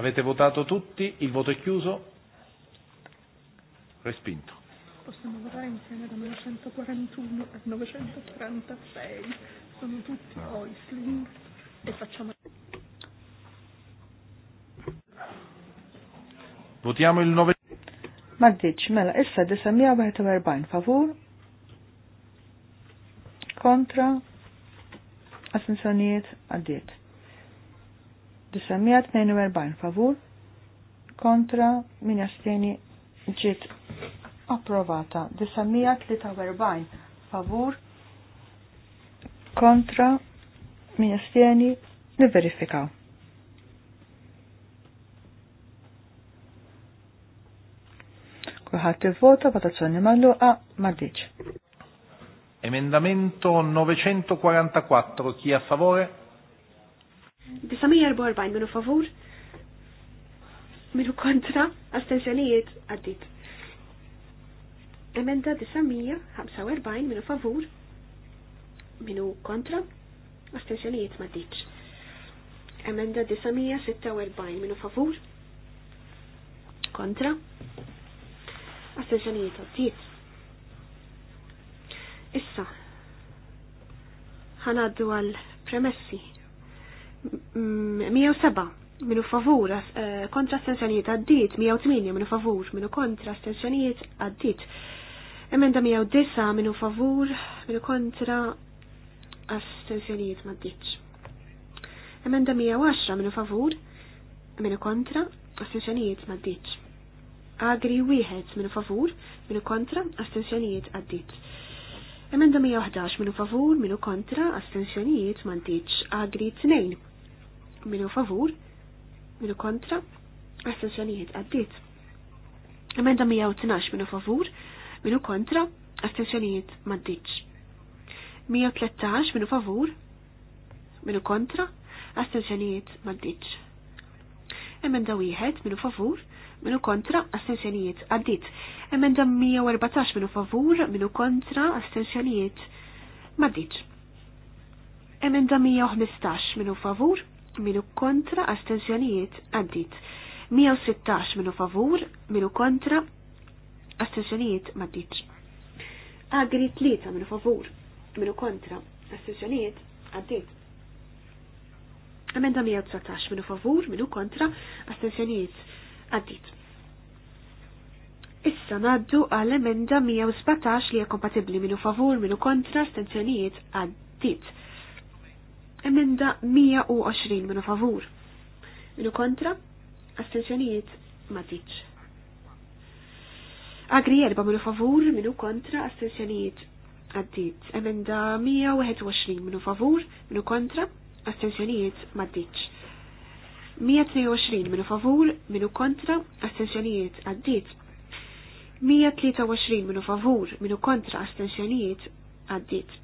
[SPEAKER 2] Avete votato tutti? Il voto è chiuso? Respinto.
[SPEAKER 4] Possiamo votare insieme da 941 a 936. Sono tutti no. Oisling e
[SPEAKER 5] facciamo...
[SPEAKER 2] Votiamo il 9...
[SPEAKER 4] Maddiċ, mela, issa 941 favur. Kontra. Assenzjoniet għaddiet. 942 favur kontra min jasteni ġiet approvata 943 favur kontra min jastjeni niverifikaw. Kulħadd ivvota votazzjoni malluqa, Maddiċ.
[SPEAKER 2] Emendamento 944 chi a favore?
[SPEAKER 3] 944 minu favur, minu kontra, astensjonijiet għaddit. Emenda 945 minu favur, minu kontra, astensjonijiet maddiċ. Emenda 946 minu favur, kontra, astensjonijiet għaddit. Issa, ħanaddu għal premessi 107 minu favur eh, kontra astensjonijiet għaddit, 108 minu favur minu kontra astensjonijiet għaddit. Emenda 109 minu favur minu kontra astensjonijiet għaddit. Emenda 110 minu favur minu kontra astensjonijiet għaddit. Agri wieħed minu favur minu kontra astensjonijiet għaddit. Emenda 111 minu favur minu kontra astensjonijiet maddiċ. Agri 2 minu favur, minu kontra, astensjonijiet għaddit. Emenda 112 minu favur, minu kontra, astensjonijiet maddiċ. 113 minu favur, minu kontra, astensjonijiet maddiċ. Emenda 1 minu favur, minu kontra, astensjonijiet għaddit. Emenda 114 minu favur, minu kontra, astensjonijiet maddiċ. Emenda 115 minu favur, minu kontra astenzjonijiet għaddit. 116 minu favur minu kontra astenzjonijiet maddit. Agri tlita minu favur minu kontra astenzjonijiet għaddit. Amenda 119 minu favur minu kontra astenzjonijiet għaddit. Issa naddu għal emenda 117 li hija kompatibbli minu favur minu kontra astenzjonijiet għaddit. Emenda 120 minu favur. Minu kontra? astensjonijiet ma tiċ. Agri erba minu favur, minu kontra, astensjonijiet għaddit. Emenda 121 minu favur, minu kontra, astensjonijiet ma tiċ. 122 minu favur, minu kontra, astensjonijiet għaddit. 123 minu favur, minu kontra, astensjonijiet għaddit.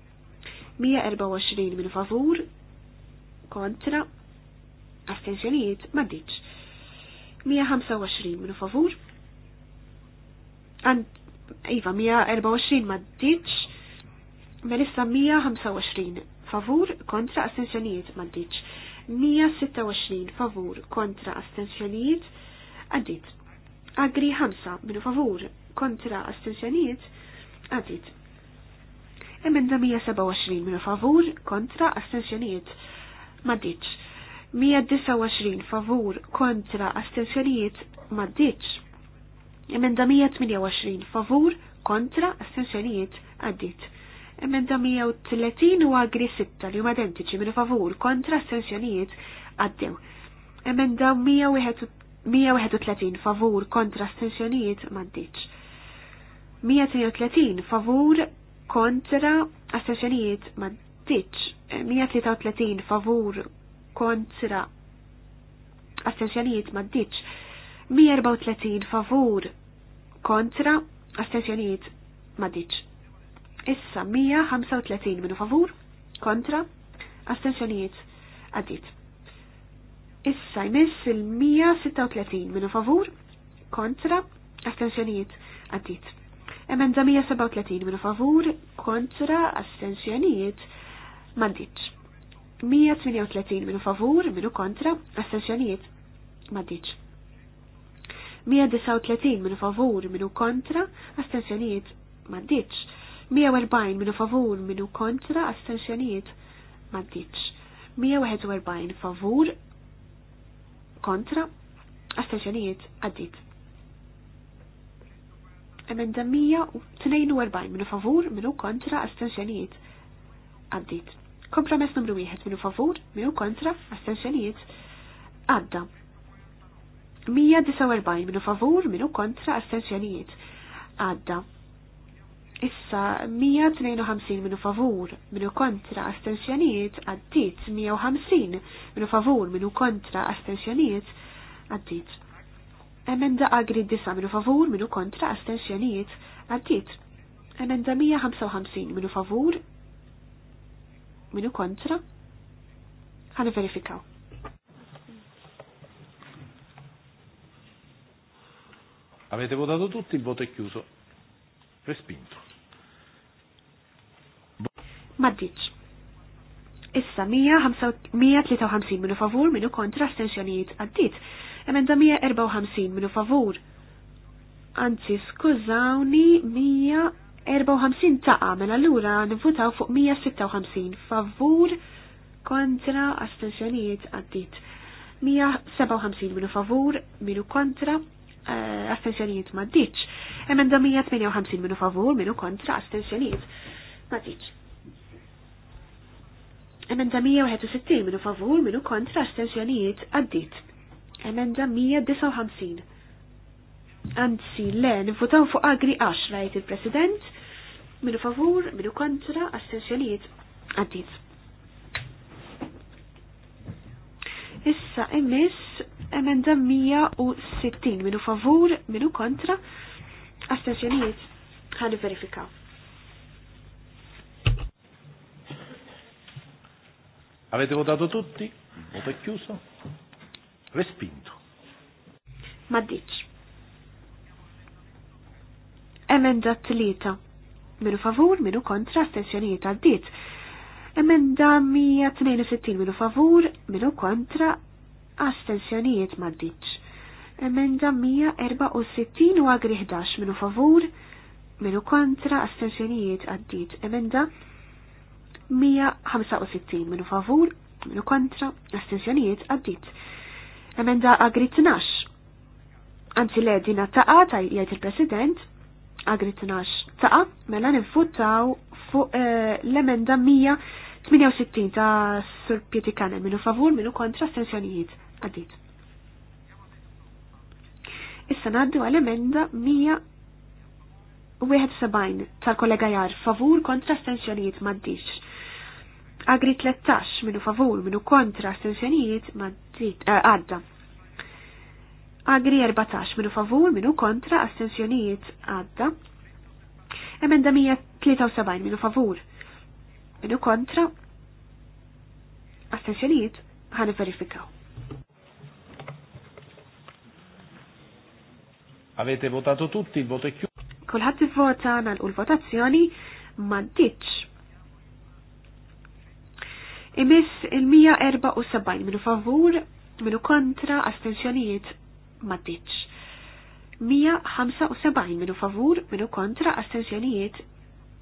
[SPEAKER 3] 124 minu favur, kontra, astenzjonijiet maddiċ. 125 minu favur, għand, iva, 124 maddiċ, melissa 125 favur kontra astenzjonijiet maddiċ. 126 favur kontra astenzjonijiet għaddit. Agri 5 minu favur kontra astenzjonijiet għaddit. Emenda 127 minu favur kontra astenzjonijiet maddiċ. 129 favur kontra astensjonijiet maddiċ. Emenda 128 favur kontra astensjonijiet għaddit. Emenda 130 u għagri 6 li huma identiċi minn favur kontra astensjonijiet għaddew. Emenda 131 favur kontra astensjonijiet maddiċ. 132 favur kontra astensjonijiet maddiċ. 133 favur kontra astensjonijiet maddiċ 134 favur kontra astensjonijiet maddiċ issa 135 minu favur kontra astensjonijiet għaddit issa jmiss il-136 minu favur kontra astensjonijiet għaddit emenda 137 minu favur kontra astensjonijiet Mandiċ. 138 minu favur, minu kontra, astensjonijiet. Mandiċ. 139 minu favur, minu kontra, astensjonijiet. Mandiċ. 140 minu favur, minu kontra, astensjonijiet. Mandiċ. 141 favur, kontra, astensjonijiet. Għaddit emenda 142 minu favur minu kontra astensjonijiet għaddit. Kompromess numru wieħed minu favur, minu kontra, astensjonijiet, għadda. 149 minu favur, minu kontra, astensjonijiet, għadda. Issa 152 minu favur, minu kontra, astensjonijiet, għaddit. 150 minu favur, minu kontra, astensjonijiet, għaddit. Emenda agri disa minu favur, minu kontra, astensjonijiet, għaddit. Emenda 155 minu favur, Minu kontra? Għani verifikaw.
[SPEAKER 2] Avete votato tutti, il voto è chiuso. Respinto.
[SPEAKER 3] Maddiċ. Issa 153 minu favur minu kontra astensjonijiet għaddit. Emenda 154 minu favur. Anzi, skużawni 100 54 taqa mela allura nivvutaw fuq 156 favur kontra astensjonijiet għaddit. 157 minu favur, minu kontra, uh, astensjonijiet maddiċ. Emenda 158 minu favur, minu kontra, astensjonijiet maddiċ. Emenda 161 minu favur, minu kontra, astensjonijiet għaddit. Emenda 159 Anzi, le, nifutaw fuq agri 10, rajt il-President. Minu favur, minu kontra, astensjonijiet għaddit. Issa emmis, emenda 160 minu favur, minu kontra, astensjonijiet għan verifikaw.
[SPEAKER 2] Avete votato tutti? Voto chiuso? Respinto. Ma dici.
[SPEAKER 3] Emenda tlieta. Minu favur, minu kontra, astensjonijiet għaddit. Emenda 162 minu favur, minu kontra, astensjonijiet maddiċ. Emenda 164 u għagri 11 minu favur, minu kontra, astensjonijiet għaddit. Emenda 165 minu favur, minu kontra, astensjonijiet għaddit. Emenda għagri 12. Anzi le dina taqa, jgħid il-president, Agri 12 taqa, mela nifuttaw fuq eh, l-emenda 168 ta' Sur Pieti Kanel, minu favur, minu kontra astensjonijiet. Għaddit. Issa naddu għal-emenda 171 tal-kollega jar, favur kontra stensjonijiet maddiċ. Agri 13 minu favur, minu kontra astensjonijiet maddiċ. Eh, għadda. Uh, Agri 14 minu favur minu kontra astensjonijiet għadda. Emenda 173 minu favur minu kontra astensjonijiet ħani verifikaw.
[SPEAKER 2] Avete votato tutti, il voto è chiuso.
[SPEAKER 3] Kulħadd vota nagħlqu l-votazzjoni ma ditx. Imiss il-174 minu favur, minu kontra, astensjonijiet maddiċ. 175 minu favur minu kontra astensjonijiet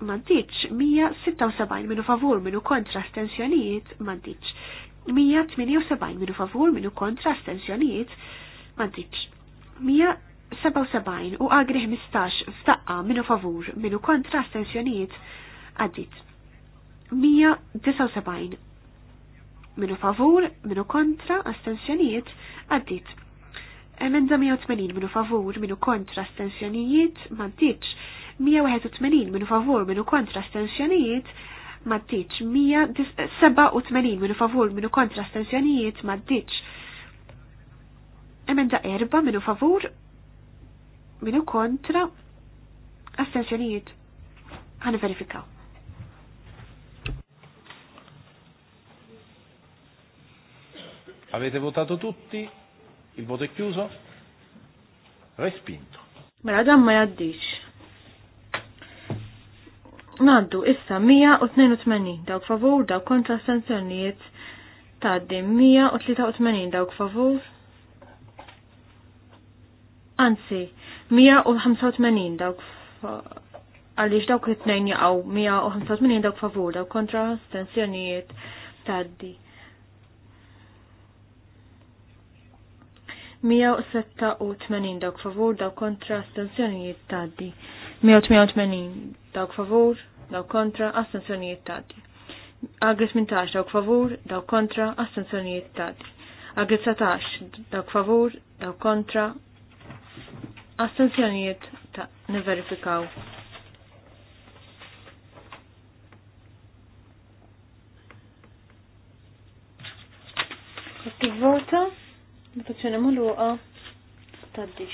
[SPEAKER 3] maddiċ. 176 minu favur minu kontra astensjonijiet maddiċ. 178 minu favur minu kontra astensjonijiet maddiċ. 177 u agri 15 f'taqqa minu favur minu kontra astensjonijiet għaddit. 179 minu favur minu kontra astensjonijiet għaddit. Emenda 180 minu favur minu kontra stensjonijiet maddiċ. 181 minu favur minu kontra stensjonijiet maddiċ. 187 minu favur minu kontra stensjonijiet maddiċ. Emenda 4 minu favur minu kontra astensjonijiet. Għan verifikaw.
[SPEAKER 2] Avete votato tutti? Il voto è chiuso. Respinto.
[SPEAKER 1] Mela dan ma jaddix. Naddu issa 182 dawk favur, dawk kontra sanzjonijiet taddi 183 dawk favur. Anzi, 185 dawk għaliex dawk it-tnejn jaqgħu 185 dawk favur, dawk kontra sanzjonijiet taddi. 186 dawk favur, dawk kontra, astensjonijiet taddi. 188 dawk favur, dawk kontra, astensjonijiet taddi. Agri 18 dawk favur, dawk kontra, astensjonijiet taddi. Agri satax, dawk favur, dawk kontra, astensjonijiet ta' niverifikaw. Vota. Votazzjoni tad-dix.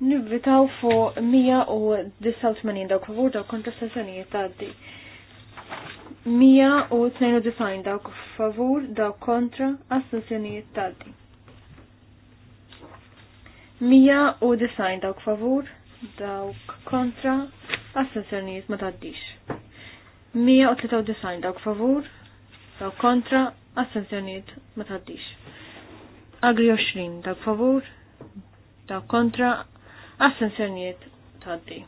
[SPEAKER 1] Nivvitaw fu 189 dawk favur dawk kontra tad taddi. 192 dawk favur dawk kontra tad taddi. 190 dawk favur dawk kontra assenzjonijiet ma taddix. 193 dawk favur dawk kontra Assenzjoniet ma taddix. Agri 20 dak favur, dak kontra, assenzjoniet taddi.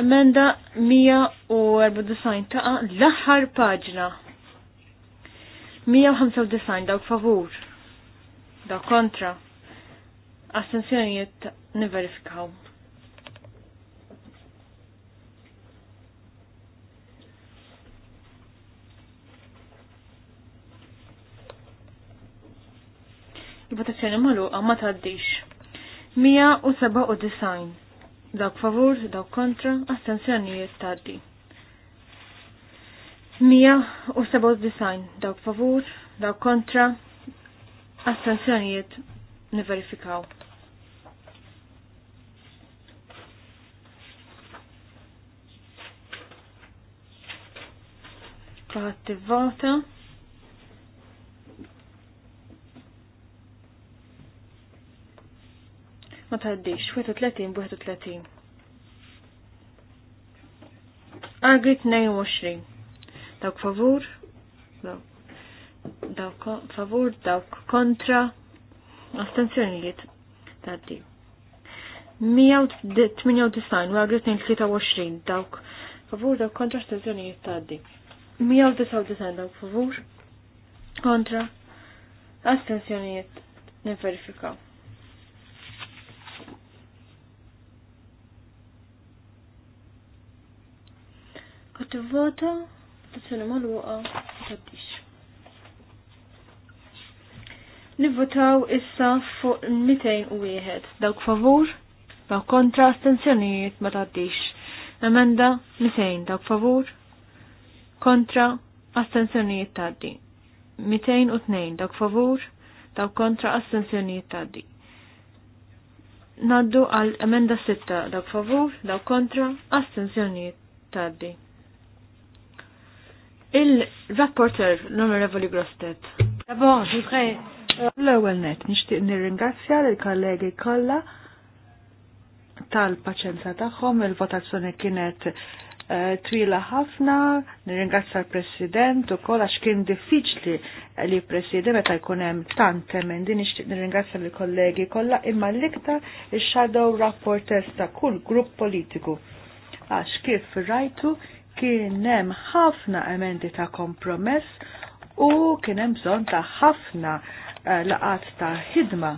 [SPEAKER 1] Emenda 194 taqa l-aħħar paġna. 195 dak favur, dak kontra, assenzjoniet niverifikaw. Il-votazzjoni magħluqa ma tgħaddix. 197 dawk favur, dawk kontra, astensjonijiet tgħaddi. 197 dawk favur, dawk kontra, astensjonijiet niverifikaw. Kħat t-vota. ma tħaddix, 31 bu 31. Agri 22. Dawk favur, dawk favur, dawk kontra, astenzjonijiet taħdi. 198 u agri 23 dawk favur, dawk kontra, astenzjonijiet taħdi. 199 dawk favur, kontra, astenzjonijiet niverifikaw. tivvota votazzjoni magħluqa tgħaddix. Nivvotaw issa fuq 201 dawk favur, dawk kontra astensjonijiet ma tgħaddix. Emenda 200 dawk favur, kontra astensjonijiet tgħaddi. 202 dak favur, dawk kontra astensjonijiet taddi. Naddu għal emenda 6 dak favur, dawk kontra astensjonijiet taddi. Il-rapporter, l-Onorevoli
[SPEAKER 4] Grostet. D'abord, je voudrais euh, l-ewwel net nixtieq nirringrazzja lill-kollegi kollha tal-paċenza tagħhom, il-votazzjoni kienet eh, twila ħafna, nirringrazzja l-President ukoll għax kien diffiċli li President meta jkun hemm tant emendi nixtieq nirringrazzja lill kollegi kollha imma l-iktar il shadow rapporters ta' kull grupp politiku. Għax kif rajtu kien hemm ħafna emendi ta' kompromess u kien hemm bżonn ta' ħafna eh, laqat ta' ħidma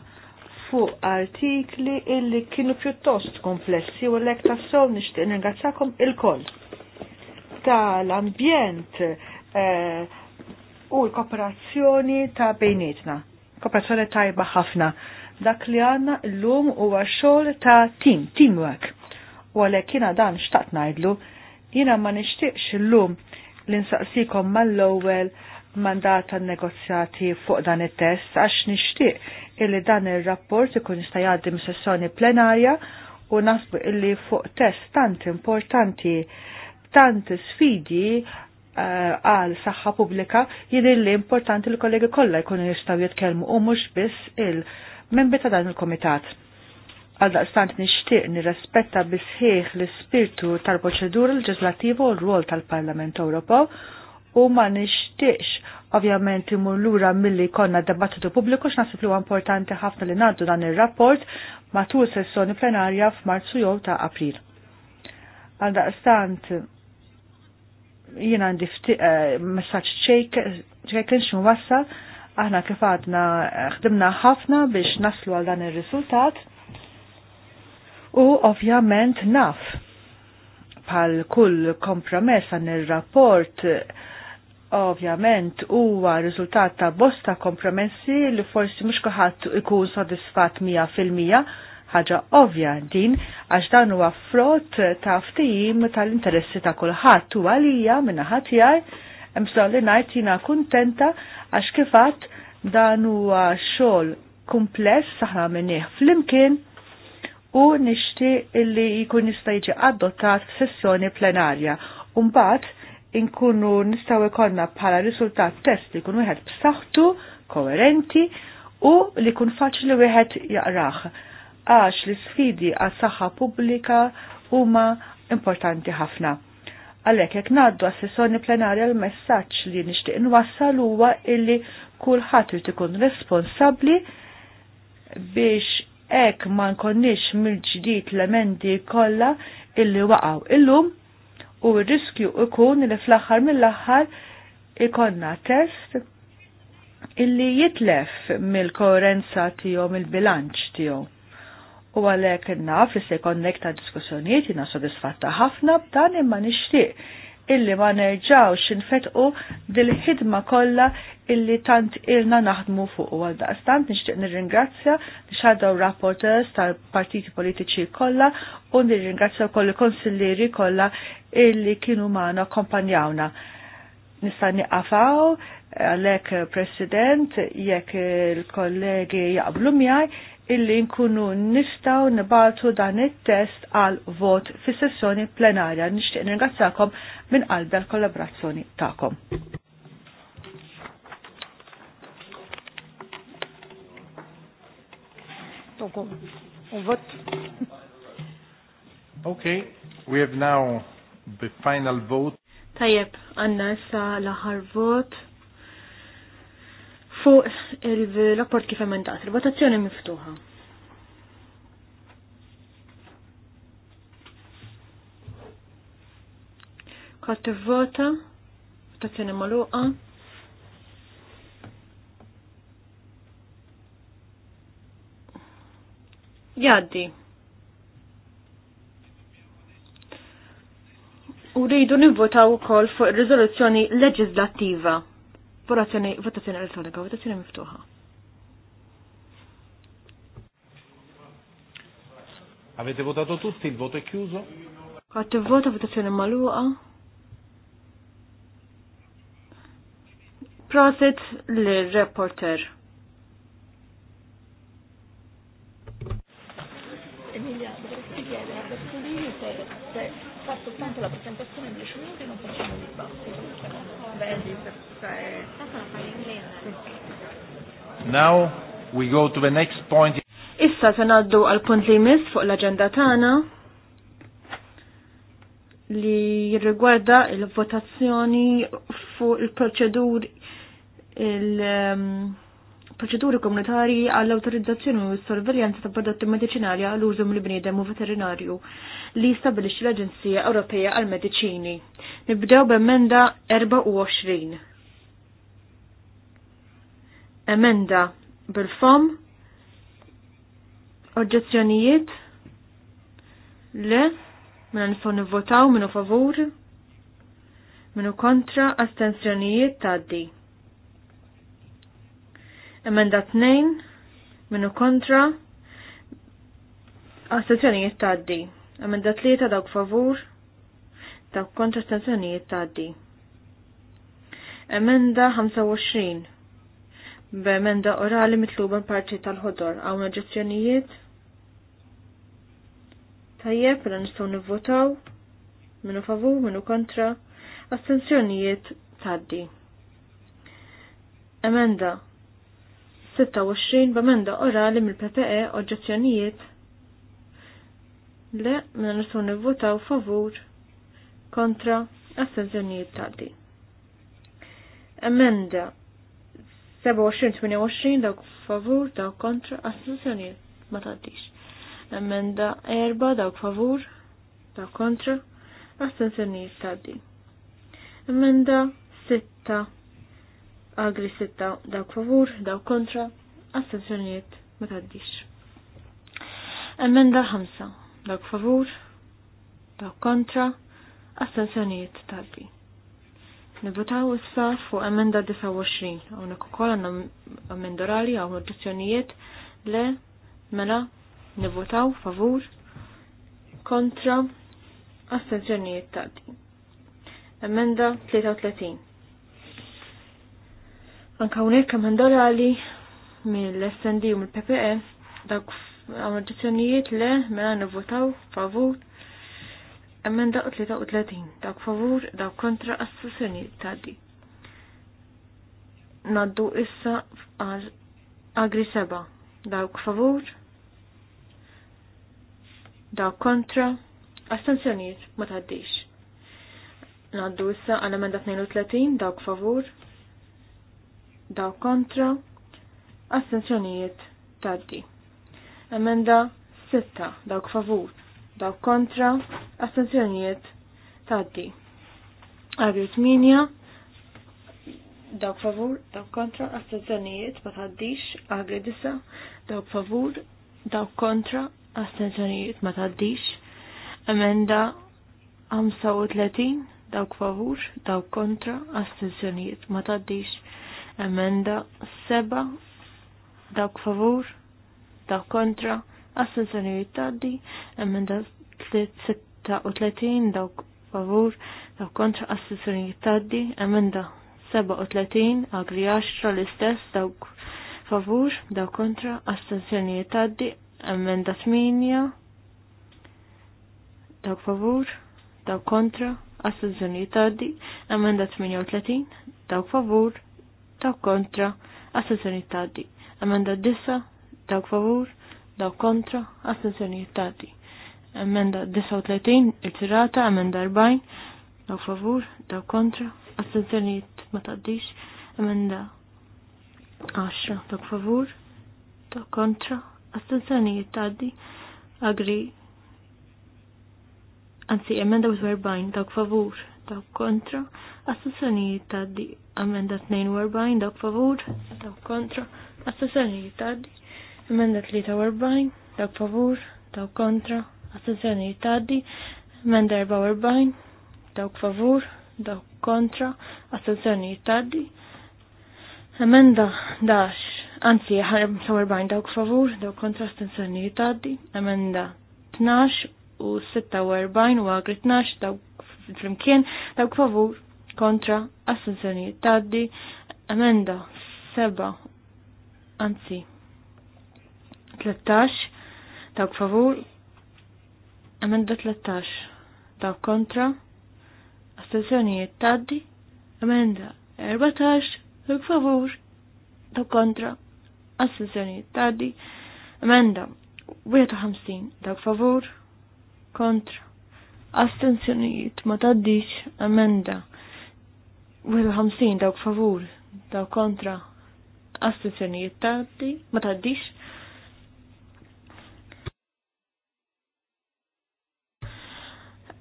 [SPEAKER 4] fuq artikli illi kienu pjuttost komplessi u l-ek ta' sew nixtieq ningrazzakom il-koll tal-ambjent eh, u l-kooperazzjoni ta' bejnietna. Kooperazzjoni tajba ħafna. Dak li għanna l-lum u għaxol ta' team, teamwork. U għalek kina dan xtaqt najdlu Jina ma nishtiqx l-lum l-insaqsikom mal-lowel mandata negozjati fuq dan it-test għax nixtieq illi dan ir-rapport ikun jista' jgħaddi sessjoni plenarja u nasbu illi fuq test tant importanti tant sfidi eh, għal uh, saħħa pubblika jiri li importanti l-kollegi kollha jkunu jistgħu jitkellmu u mhux biss il-membri ta' dan il-komitat. Għaldaqstant nixtieq nirrespetta bisħieħ l-ispirtu tal l leġislativa u l rol tal-Parlament Ewropew u ma nishtiqx ovvjament imur lura milli konna debattitu pubbliku x'naħseb li huwa importanti ħafna li ngħaddu dan ir-rapport matul sessjoni plenarja f'Marzu jew ta' April. Għaldaqstant jiena għandi eh, messaġġ ċejkin x'inwassal aħna kif għadna eh, ħdimna ħafna biex naslu għal dan ir-riżultat U ovvjament naf bħal kull kompromess nel rapport ovvjament huwa riżultat ta' bosta kompromessi li forsi mhux kulħadd ikun sodisfatt mija fil-mija, ħaġa ovvja din għax dan huwa frott ta' ftehim tal-interessi ta' kulħadd u għalija minna ħadd tiegħi hemm li ngħid kuntenta għax kif dan huwa xogħol kumpless saħna minnih flimkien u nishti illi jkun jista' jiġi adottat f'sessjoni plenarja. Umbagħad inkunu nistgħu ikonna bħala riżultat test li kun wieħed b'saħħtu, koherenti u li jkun faċli wieħed jaqrah għax l sfidi għas saħħa pubblika huma importanti ħafna. Għalhekk jekk ngħaddu għas-sessjoni plenarja l-messaġġ li nixtieq inwassal huwa illi kulħadd irid ikun responsabbli biex ek ma nkonniex mill-ġdid l-emendi kollha illi waqgħu illum u r-riskju ikun li fl-aħħar mill-aħħar ikonna test illi jitlef mill-koerenza tiegħu mill-bilanċ tiegħu. U għalhekk naf li se jkollna iktar diskussjonijiet jiena sodisfatta ħafna b'dan imma nixtieq illi ma nerġawx infetqu dil-ħidma kollha illi tant ilna naħdmu fuq għal daqstant nixtieq nirringrazzja li xadaw rapporters tal-partiti politiċi kollha u nirringrazzja u il konsilleri kollha illi kienu maħna kompanjawna. Nista' għafaw, għalhekk President jekk il-kollegi jaqblu miħaj, illi nkunu nistaw nibaltu dan it-test għal vot fis sessjoni plenarja. Nixtieq nirgazzakom minn qalbi għal kollaborazzjoni tagħkom.
[SPEAKER 2] Okay, we have now the final vote.
[SPEAKER 1] Tajjeb, għanna issa l-aħħar vot fuq il-rapport kif emendat. Il-votazzjoni miftuħa. Kalt vota votazzjoni maluqa. Jaddi. U rridu nivvotaw ukoll fuq ir-riżoluzzjoni leġislattiva. Votazzjoni elettronika, votazzjoni miftuħa.
[SPEAKER 2] Avete votato tutti, il voto è chiuso.
[SPEAKER 1] Quattro il voto, votazione maluqa. Prosit l-reporter.
[SPEAKER 5] Emilia, dovresti chiedere a Bertolini se, se fatto tanto la presentazione in 10 minuti non facciamo dibattito. Vedi,
[SPEAKER 2] Now we go to the next point. Issa se naddu
[SPEAKER 1] għal punt li jmiss fuq l-aġenda tagħna li jirrigwarda il-votazzjoni fuq il-proċedur il-proċeduri ehm, komunitari għall-autorizzazzjoni u s-sorveljanza ta' prodotti medicinali għall-użu mill-bniedem u veterinarju li stabilixxi l-Aġenzija Ewropea għall-Mediċini. Nibdew b'emenda 24. Emenda bil-fom. Oġġezzjonijiet? Le. minna mela nifon nivvotaw minnu favur. minnu kontra astensjonijiet tgħaddi. Emenda 2 minnu kontra astensjonijiet tgħaddi. Emenda 3 dawk favur dawk kontra astensjonijiet tgħaddi. Emenda 25 b'emenda orali mitluba parti tal-ħodor. Hawn oġġezzjonijiet? Tajjeb, la mela nistgħu nivvotaw. Minu favur, minu kontra. Astenzjonijiet taddi. Emenda 26 b'emenda orali mill-PPE oġezzjonijiet. Le, minn mela nistgħu nivvotaw favur, kontra, astenzjonijiet taddi. Emenda 27-28 dawk favur dawk kontra astensjonijiet ma taddix. Emenda 4 dawk favur dawk kontra astensjonijiet taddi. Emenda 6 agri 6 dawk favur dawk kontra astensjonijiet ma taddix. Emenda 5 dawk favur dawk kontra astensjonijiet taddi. Nivotaw issa fuq emenda 29, għonek u kol għanna emendorali għaw le mela nivotaw favur kontra astenzjonijiet di. Emenda 33. Anka unek emendorali mill-SND u mill-PPE dak għaw le mela nivotaw favur Emenda 33, daq favur, daq kontra assassini tadi. Naddu issa għal agri seba, daq favur, daq kontra assassini ma taddix. Naddu issa għal emenda 32, daq favur, daq kontra tadi. Emmen Emenda 6, daq favur, daw kontra, astenzjonijiet taddi. Arju minja, daw favur, daw kontra, astenzjonijiet ma taddix, agri disa, daw favur, daw kontra, astenzjonijiet ma taddix, emenda 35, daw favur, daw kontra, astenzjonijiet ma taddix, emenda 7, daw favur, daw kontra, assenzjonijiet taddi, emenda 36 dawk favur, dawk kontra assenzjonijiet taddi, emenda 37 agri 10 l-istess dawk favur, dawk kontra assenzjonijiet taddi, da 8 dawk favur, dawk kontra assenzjonijiet taddi, emenda 38 dawk favur, dawk kontra assenzjonijiet taddi, da 9 dawk favur, daw kontra, astenzjonijiet tati. Emenda 39, il-tirata, emenda 40, daw favur, daw kontra, astenzjonijiet ma taddix, emenda 10, daw favur, daw kontra, astenzjonijiet tati, agri, anzi, emenda 40, daw favur, daw kontra, astenzjonijiet tati, emenda 42, daw favur, daw kontra, astenzjonijiet tati Emenda 43, dawk favur, dawk kontra, astenzjoni jittaddi. Emenda 44, dawk favur, dawk kontra, astenzjoni jittaddi. Emenda 11, anzi 44, dawk favur, dawk kontra, astenzjoni jittaddi. Emenda 12 u 46 u għagri 12 dawk flimkien, dawk favur, kontra, astenzjoni jittaddi. Emenda 7, anzi 13 dawk favur emenda 13 dawk kontra astenzjonijiet taddi emenda 14 dawk favur dawk kontra astenzjonijiet taddi emenda 51 dawk favur kontra astenzjonijiet ma taddix emenda 51 dawk favur dawk kontra astenzjonijiet taddi ma taddix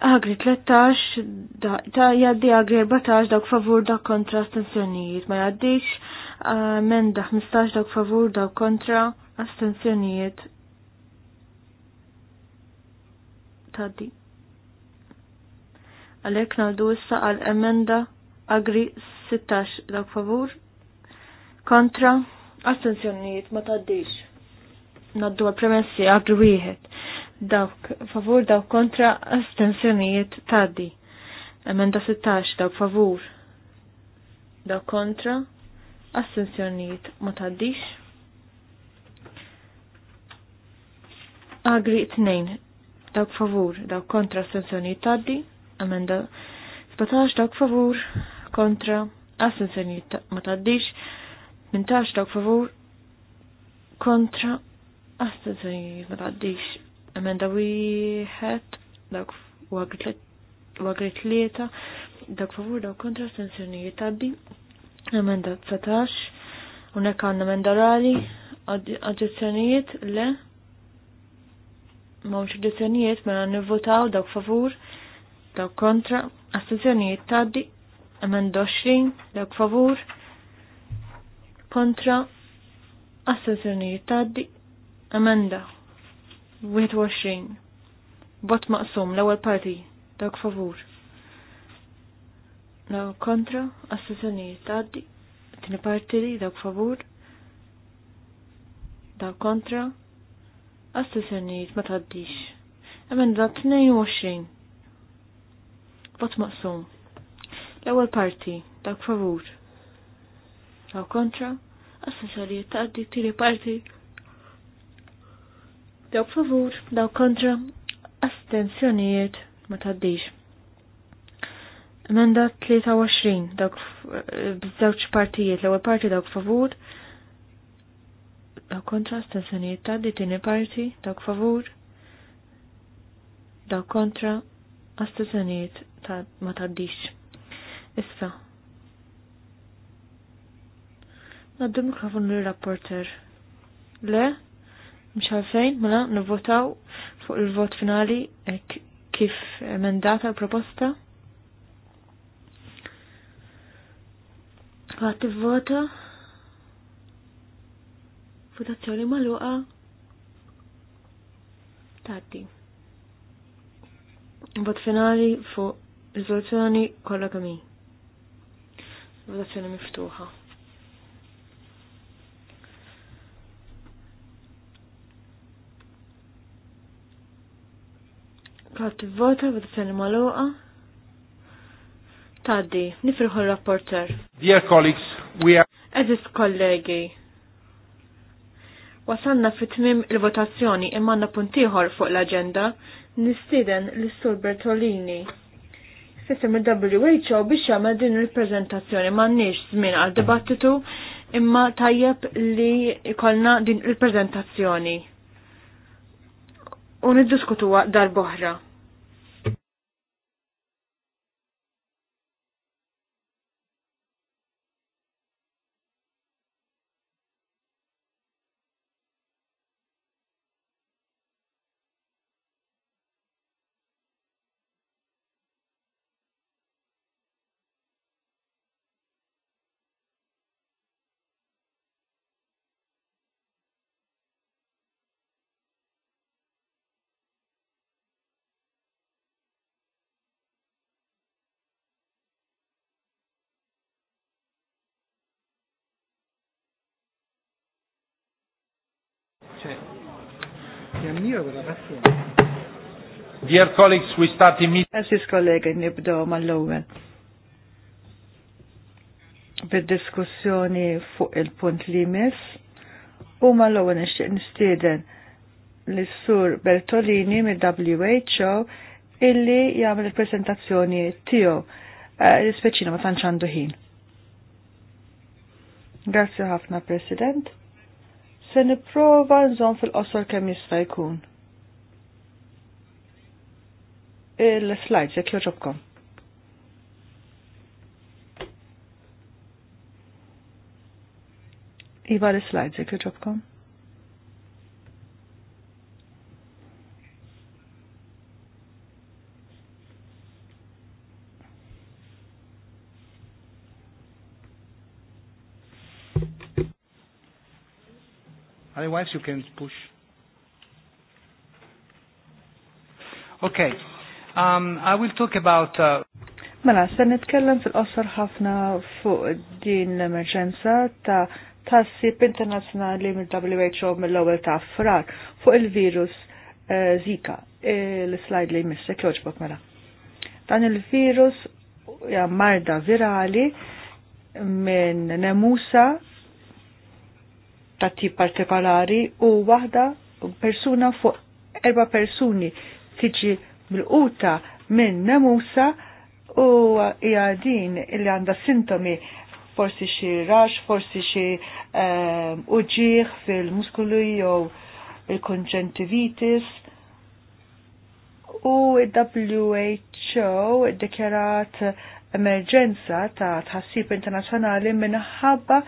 [SPEAKER 1] Agri 13, ta' jaddi agri 14 dawk favur dak kontra astensjonijiet, ma jaddix da 15 dawk favur dawk kontra astensjonijiet. Taddi. Għalek naldu issa għal emenda agri 16 dawk favur kontra astensjonijiet ma taddix. Naddu għal premessi agri wieħed dawk favur dawk kontra astensjonijiet taddi. Emenda 16 dawk favur dawk kontra astensjonijiet ma taddix. Agri 2 dawk favur dawk kontra astensjonijiet taddi. Emenda 17 dawk favur kontra astensjonijiet ma taddix. 18 dawk favur kontra astensjonijiet ma taddix. Emenda wieħed dak wagri tlieta dak favur daw kontra astensjonijiet taddi. Emenda 19 Unek emenda rali oġġezzjonijiet le, mawx ma mela nivvotaw dak favur, dak kontra, astenzjonijiet taddi, emend doxrin, dak favur, kontra, astenzjonijiet taddi, emenda 21. Bot maqsum l-ewwel parti dawk favur. Law kontra assessjonijiet taddi, tini parti li dawk favur. Dawk kontra assessjonijiet ma tgħaddix. Emenda 22. Bot maqsum. L-ewwel parti dawk favur. Daw kontra assessjonijiet taddi tini parti Daw favur, daw kontra, astenzjonijiet ma taddix. Emenda 23, dawk b'żewġ eh, partijiet, l-ewwel parti dawk favur, daw kontra astenzjonijiet taddi, tini parti dawk favur, daw kontra astenzjonijiet ma taddix. Issa. Naddu mikrofon l-rapporter. Le? mxalfejn, mela nivvotaw fuq il-vot finali kif emendata l-proposta. Għat vota votazzjoni maluqa Tati. Vot finali fuq risoluzzjoni kolla kemm votazzjoni miftuħa. Kulħadd ivvota, votazzjoni maluqa. Taddi, nifruħu l-rapporter.
[SPEAKER 2] Dear colleagues, we are
[SPEAKER 1] Eżis kollegi. Wasanna fit il-votazzjoni imma puntiħor fuq l-agenda nistiden l-Sur Bertolini. Sistem il-WHO biex jagħmel din il-preżentazzjoni m'għandniex żmien għal dibattitu imma tajjeb li jkollna din il-preżentazzjoni. U niddiskutuha darb'oħra.
[SPEAKER 5] Dear
[SPEAKER 2] colleagues, we start immediately.
[SPEAKER 4] Aziz kollegi, nibdow mal-ewwel. Bid-diskussjoni fuq il-punt li mis u mal-ewwel nixtieq nistieden l-Sur Bertolini mill-WHO illi jgħamil il-presentazzjoni tiju l Rispeċina ma tanċandu ħin. Grazie ħafna, President. Se niprofa nżom fil-qosor kemm jista' jkun. Il-slides jekk joġobkom. Iva l-slides jekk joġobkom.
[SPEAKER 2] Otherwise, you can push.
[SPEAKER 4] Okay. Um, I will talk about... Uh, Mela, se nitkellem fil-qosor ħafna fuq din l-emerġenza ta' tassib internazjonali mill-WHO mill-ewwel ta' frar fuq il-virus eh, Zika, e, l-slide li jmissek joġbok mela. Dan il-virus marda virali minn nemusa ta' tip partikolari u waħda persuna fuq erba persuni tiġi bil-quta minn nemusa u hija din illi għandha sintomi forsi xi rax, forsi xi um, uġieħ fil-muskulu jew il-konġentivitis u il-WHO dekjarat emerġenza ta' tħassib internazzjonali minħabba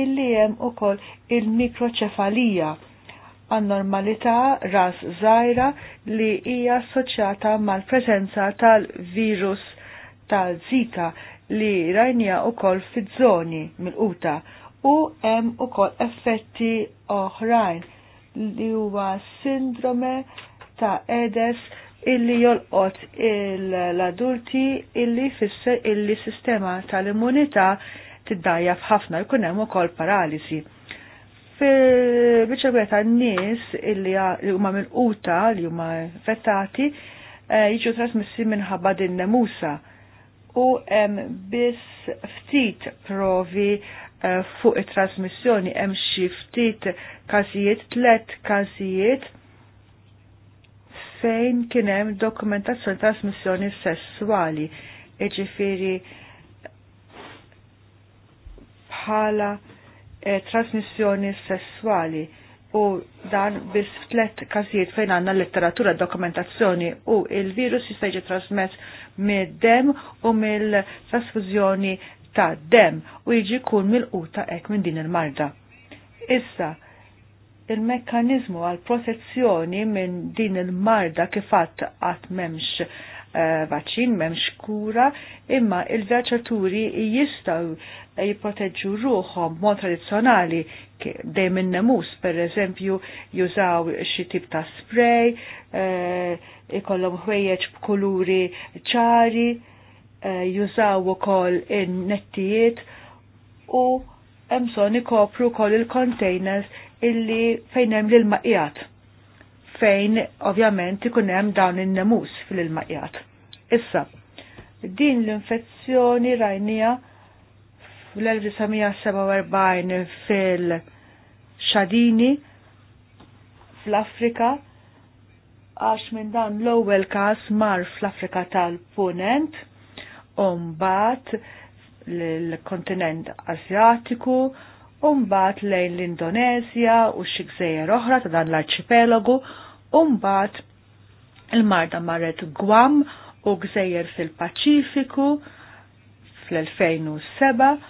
[SPEAKER 4] illi hemm ukoll il-mikroċefalija anormalità ras żgħira li hija assoċjata mal-preżenza tal-virus tal-Zika li rajnija ukoll fiż-żoni mil quta u hemm ukoll effetti oħrajn li huwa sindrome ta' Edes illi jolqot l-adulti illi fisser illi sistema tal-immunità tiddajja f'ħafna jkun hemm ukoll paralisi. Fil-biċċa gweta n-nies illi huma uta li huma fettati eh, jiġu trasmessi minħabba din nemusa u hemm biss ftit provi eh, fuq it-trasmissjoni hemm xi ftit każijiet, tlet każijiet fejn kien hemm dokumentazzjoni trasmissjoni sessuali. Iġifieri bħala eh, trasmissjoni sessuali u dan biss f'tlet każijiet fejn għandna letteratura dokumentazzjoni u il-virus jista' jiġi trasmess mid-dem u mill-trasfużjoni ta' dem u jiġi jkun mill uta hekk minn din il-marda. Issa, il-mekkanizmu għal protezzjoni minn din il-marda kifat għat memx Eh, vaċċin m'hemmx kura, imma il vjaċaturi jistgħu jipoteġu ruħhom mod tradizzjonali dej minn nemus pereżempju jużaw xi tip ta' spray, eh, ikollhom ħwejjeġ b'kuluri ċari, eh, jużaw ukoll in-nettijiet u hemm bżonn ikopru wkoll il-containers illi fejn hemm l-ilma fejn ovvjament ikun hemm dawn in-nemus fil-ilmaqjat. Issa, din l-infezzjoni rajnija fl-1947 fil-Xadini fl-Afrika għax minn dan l-ewwel każ mar fl-Afrika tal-Punent u mbagħad l-kontinent Asjatiku u mbagħad lejn l-Indonezja u xi gżejjer oħra ta' dan l-arċipelagu Umbat il-marda marret Guam u gżejjer fil-Paċifiku fl-2007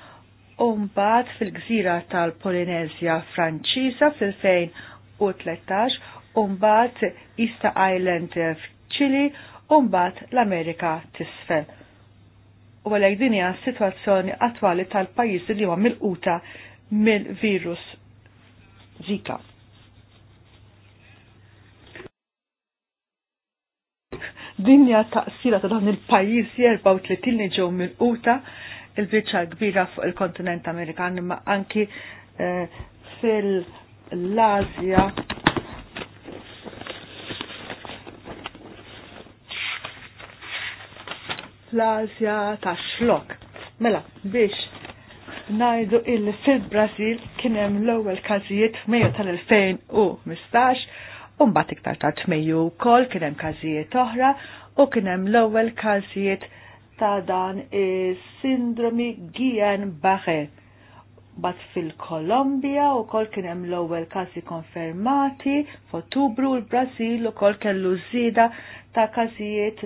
[SPEAKER 4] Umbat fil-gżira tal-Polinezja Franċiża fil-2013, umbat Ista Island f'Ċili, umbat l-Amerika tisfel. U għalek dinja situazzjoni attwali tal-pajjiżi li huwa mill-quta mill-virus Zika. dinja taqsila ta' dawn il-pajjiżi 34 li ġew minn uta il bicċa kbira fuq il-kontinent Amerikan imma anki eh, fil lazja l-Azja ta' xlok. Mela, biex najdu il fil-Brazil kienem l-ewwel każijiet f'Mejju tal-2015 Umbat mbagħad iktar ta tmeju wkoll kien hemm każijiet oħra u kien hemm l-ewwel każijiet ta' dan is-sindromi Gien Bahe. Bat fil-Kolombja u kol kien hemm l-ewwel każi konfermati f'Ottubru u l-Brażil ukoll kellu żieda ta' każijiet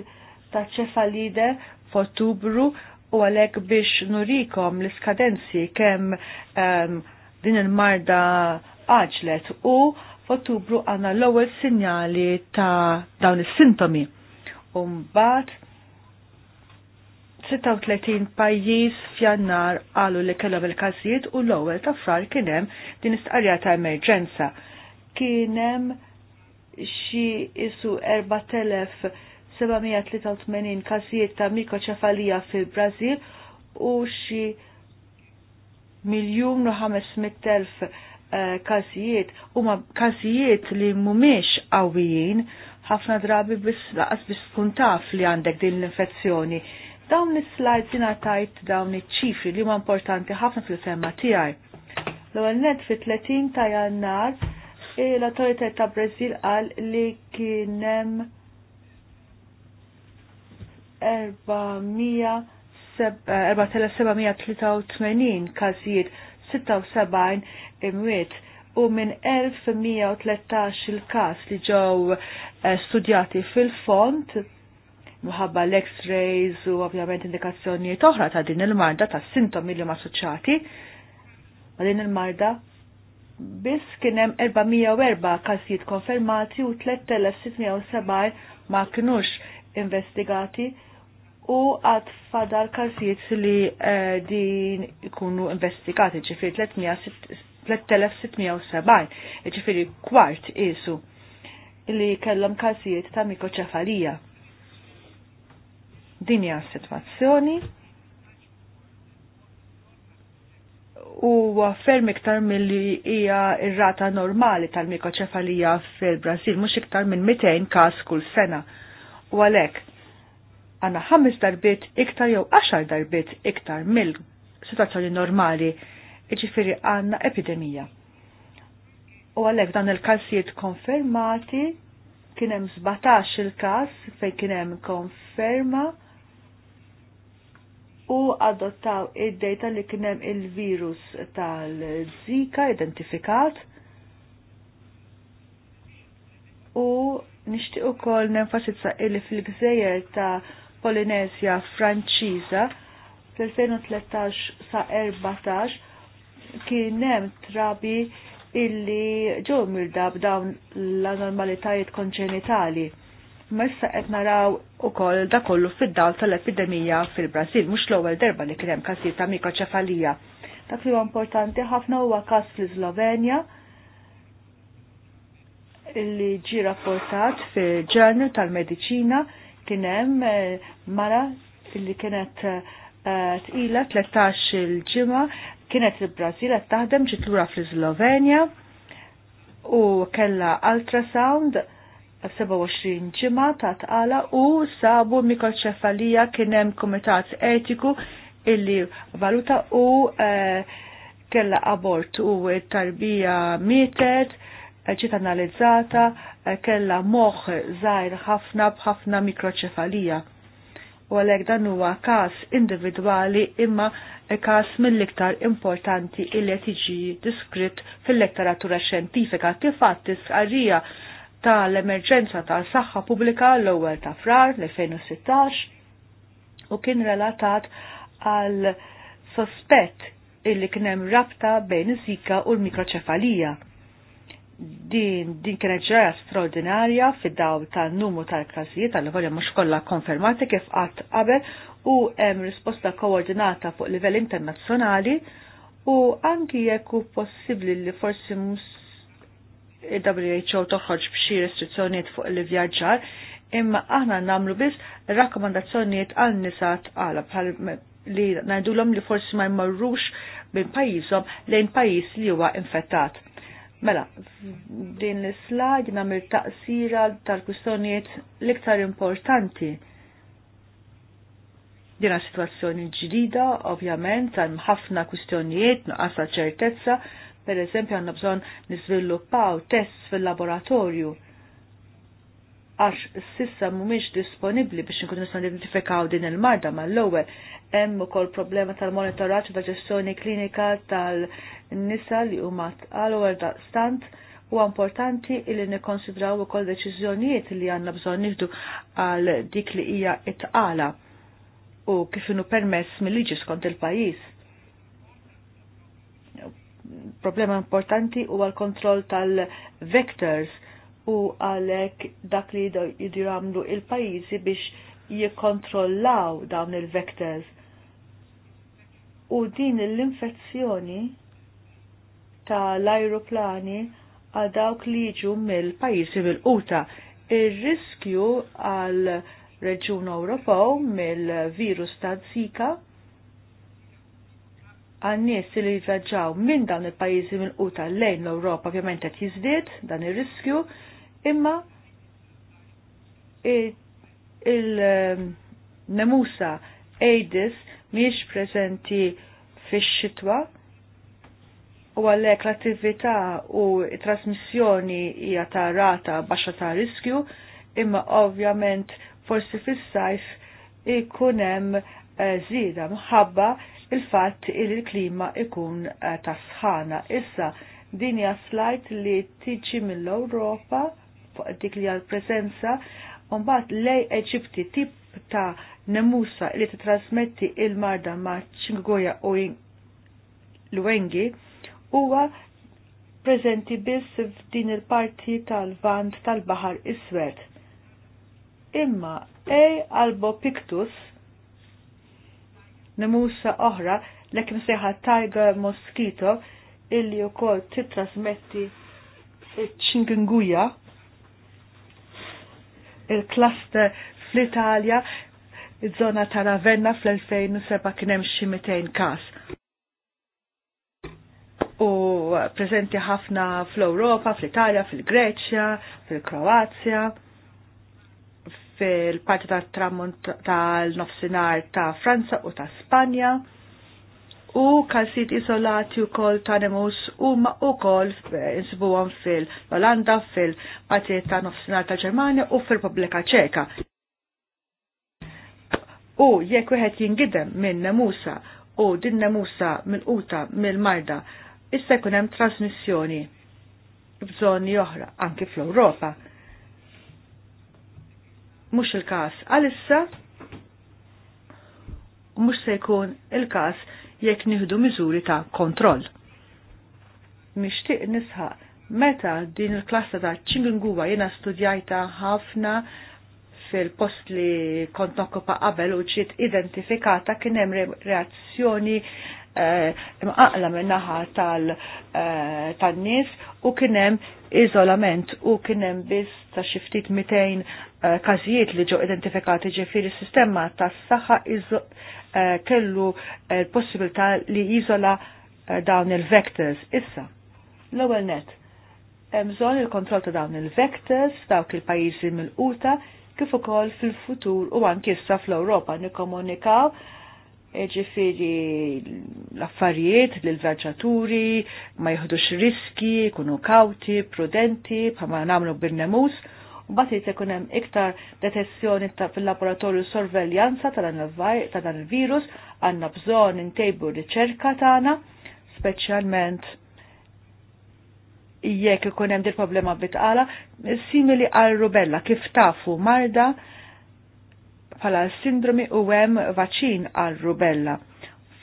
[SPEAKER 4] ta' ċefalide f'Ottubru u għalhekk biex nurikom l-iskadenzi kemm um, din il-marda għaġlet u f'Ottubru għandna l-ewwel sinjali ta' dawn is-sintomi. U mbagħad 36 pajjiż f'Jannar qalu li kellhom il-każijiet u l-ewwel ta' frar kien hemm din istqarrija ta' emerġenza. Kien hemm xi isu 4783 każijiet ta' mikroċefalija fil-Brażil u xi miljun u ħames elf Eh, każijiet huma każijiet li mhumiex qawwijin ħafna drabi biss laqas bis tkun taf li għandek din l-infezzjoni. Dawn is-slides jina tajt dawn iċ-ċifri li huma importanti ħafna fil-femma tiegħi. L-ewwel net fit-30 ta' Jannar l autoritet ta' Brazil qal li kien hemm 4783 eh, każijiet 76 imwiet u minn 1113 il-kas li ġew eh, studjati fil-font muħabba l-x-rays u ovvjament indikazzjonijiet oħra ta' din il-marda ta' sintomi li assoċjati ma' din il-marda biss kien hemm 404 każijiet konfermati u 3607 ma kinux investigati u għad fadal każijiet li eh, din ikunu investigati ġifiri 3670, ġifiri kwart isu li kellhom każijiet ta' mikoċefalija. Din hija sitwazzjoni u ferm iktar milli hija r rata normali tal-mikoċefalija fil-Brażil mhux iktar minn 200 każ kull sena. U għalhekk għanna ħames darbit iktar jew għaxar darbit iktar mill situazzjoni normali, iġifiri għanna epidemija. U għalek dan il-kalsijiet konfermati kienem 17 il-kas fej kienem konferma u adottaw id-data li kienem il-virus tal-Zika identifikat u nishtiq ukoll nemfasitza illi fil-gżejjer ta' Polinesja Franċiża fl-2013 sa 14 kien hemm trabi illi ġew mirda b'dawn l-anormalitajiet konċenitali. Messa qed naraw ukoll da kollu fid-dawl tal-epidemija fil-Brażil, mhux l-ewwel darba li kien hemm każijiet ta' mikroċefalija. Dak li huwa importanti ħafna huwa każ fl-Slovenja illi ġi rapportat fil-ġurnal tal-Mediċina kienem eh, mara illi kienet eh, tqila 13 il-ġimma kienet il-Brazil qed taħdem ġitlura fl-Slovenja u kella ultrasound 27 ġimma ta' tqala u sabu mikroċefalija kienem komitat etiku illi valuta u eh, kella abort u tarbija mietet ġiet analizzata eh, kella moħ żgħir ħafna b'ħafna mikroċefalija. U għalhekk dan huwa każ individwali imma każ mill-iktar importanti illi qed jiġi diskritt fil-letteratura xjentifika kif fatt ta' tal-emerġenza ta' saħħa pubblika l-ewwel ta' frar l-2016 u kien relatat għal sospett illi kien hemm rabta bejn iż-żika u l-mikroċefalija din din kienet ġraja straordinarja fid-dawl tan-numru tal-każijiet tal-volja mhux kollha konfermati kif qatt qabel u hemm risposta koordinata fuq livell internazzjonali u anki jekk hu possibbli li forsi WHO toħroġ b'xi restrizzjonijiet fuq il-vjaġġar, imma aħna nagħmlu biss rakkomandazzjonijiet għal nisa tqala bħal li ngħidulhom li forsi ma jmorrux minn pajjiżhom lejn pajjiż li huwa infettat Mela, din l-slajd namir taqsira tal-kustonijiet l-iktar importanti. Dina situazzjoni ġdida, ovvjament, għan ħafna kustjonijiet, naqasa ċertezza, per eżempju għanna bżon nizviluppaw test fil-laboratorju għax sissa mhumiex disponibbli biex inkunu nistgħu identifikaw din il-marda mal-ewwel hemm ukoll problema tal-monitoraġġ ta' ġestjoni klinika tal-nisa li huma għal da' stant huwa importanti li nikkonsidraw ukoll deċiżjonijiet li għandna bżonn nifdu għal dik li hija it-għala u kif permess mill-liġi skont il-pajjiż. Problema importanti huwa l-kontroll tal-vectors u għalek dak li jidiramlu il-pajizi biex jikontrollaw dawn il-vectors. U din l-infezzjoni tal-aeroplani għal dawk li jiġu mill-pajizi mill-quta. Ir-riskju għal reġun Ewropew mill-virus ta' Zika għannis li jivraġaw minn dawn il-pajizi mill uta lejn l-Europa ovvjament qed jiżdied dan ir-riskju Imma il-nemusa ehm, Aedis miex prezenti fix-xitwa u għallek l-attività u trasmissjoni hija ta' rata baxa ta' riskju, imma ovvjament forsi fis-sajf ikun hemm eh, żieda mħabba il-fatt il il-klima ikun eh, ta' sħana. Issa din hija slajt li tiġi mill-Ewropa fuq dik li għal-prezenza Umbat lej Eġipti tip ta' nemusa li titrasmetti il-marda ma' ċingoja u l-wengi huwa prezenti biss f'din il-parti tal-vant tal-Bahar Iswed. Imma E albo pictus nemusa oħra l-ekim seħa tiger mosquito illi u kol titrasmetti ċingunguja il-cluster fl-Italja, iż-żona ta' Ravenna fl-2007 kien hemm xi 200 każ. U preżenti ħafna fl-Ewropa, fl-Italja, fil-Greċja, fil-Kroazja, fil-parti tat-tramunt tal-nofsinhar ta' Franza u ta' Spanja u kalsit izolati u kol tanemus u ma u kol għan fil-Olanda, fil-Patiet ta' Nofsinar ta' Ġermania u fil-Publika Ċeka. U jekk wieħed jingidem minn nemusa u din nemusa minn Uta mill-marda, issa jkun hemm trasmissjoni f'żoni oħra anki fl-Ewropa. Mhux il-każ għalissa mux se jkun il-kas jekk nieħdu miżuri ta' kontroll. Mixtieq nisħaq meta din il-klassa ta' ċingunguwa jiena studjajta ħafna fil-post li kont nokkupa qabel u ġiet identifikata kien hemm reazzjoni eh, imqaqla minnaħa tal eh, nies u kien hemm izolament u kien hemm biss ta' xi ftit 200 eh, kazijiet li ġo identifikati ġifieri s sistema tas-saħħa Eh, kellu eh, l-possibilità li jizola eh, dawn il-vectors. Issa, l-ewwel net, hemm bżonn il-kontroll ta' dawn il-vectors dawk il-pajjiżi mill-quta kif ukoll fil-futur u anki issa fl-Ewropa nikkomunikaw ġifiri l-affarijiet l-vjaġġaturi ma jieħdux riski, kunu kawti, prudenti, bħama namlu bil-nemus u bat jrid hemm iktar detezzjoni fil-laboratorju sorveljanza ta' dan il-virus għandna bżonn intejbu riċerka tagħna speċjalment jekk ikun hemm dir problema bitqala simili għal rubella kif tafu marda bħala sindromi u hemm vaċin għal rubella.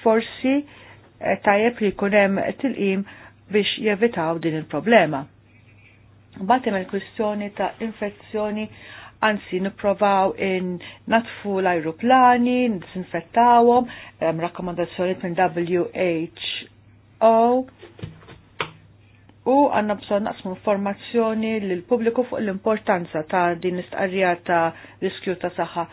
[SPEAKER 4] Forsi eh, tajjeb li jkun hemm tilqim biex jevitaw din il-problema. Batem il-kwistjoni ta' infezzjoni anzi niprovaw in natfu l-ajruplani, disinfettawhom, hemm rakkomandazzjoni minn WHO u għanna bżon naqsmu informazzjoni l pubbliku fuq l-importanza ta' din istqarrija ta' riskju ta' saħħa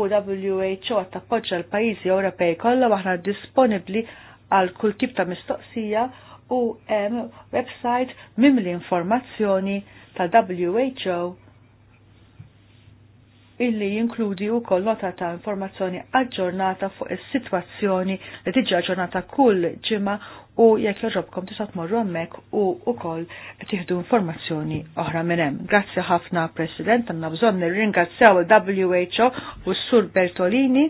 [SPEAKER 4] u WHO għattappoġġa l-pajjiżi Ewropej kollha aħna disponibbli għal kull tip ta' mistoqsija u hemm website mim l informazzjoni ta' WHO illi jinkludi u kollota ta' informazzjoni aġġornata fuq is-sitwazzjoni li tiġi aġġornata kull ġimma u jekk joġobkom tista' tmorru hemmhekk u wkoll tieħdu informazzjoni oħra minn hemm. Grazzi ħafna President, għandna bżonn nirringrazzjaw il-WHO u s-Sur Bertolini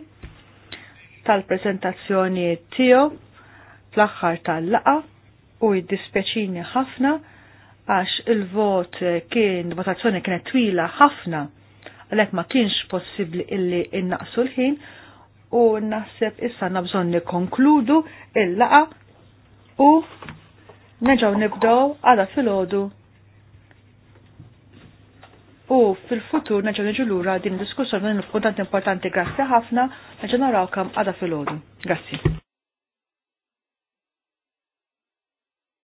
[SPEAKER 4] tal-prezentazzjoni tiegħu fl-aħħar tal-laqa u jiddispeċini ħafna għax il-vot kien votazzjoni kienet twila ħafna għalhekk ma kienx possibbli illi innaqsu l-ħin u naħseb issa nabżon nikonkludu il-laqa u neġaw nibdow għada fil-ħodu u fil-futur neġaw neġu lura din diskussjoni l importanti importanti grazzi ħafna neġaw naraw kam għada fil-ħodu. Grazzi.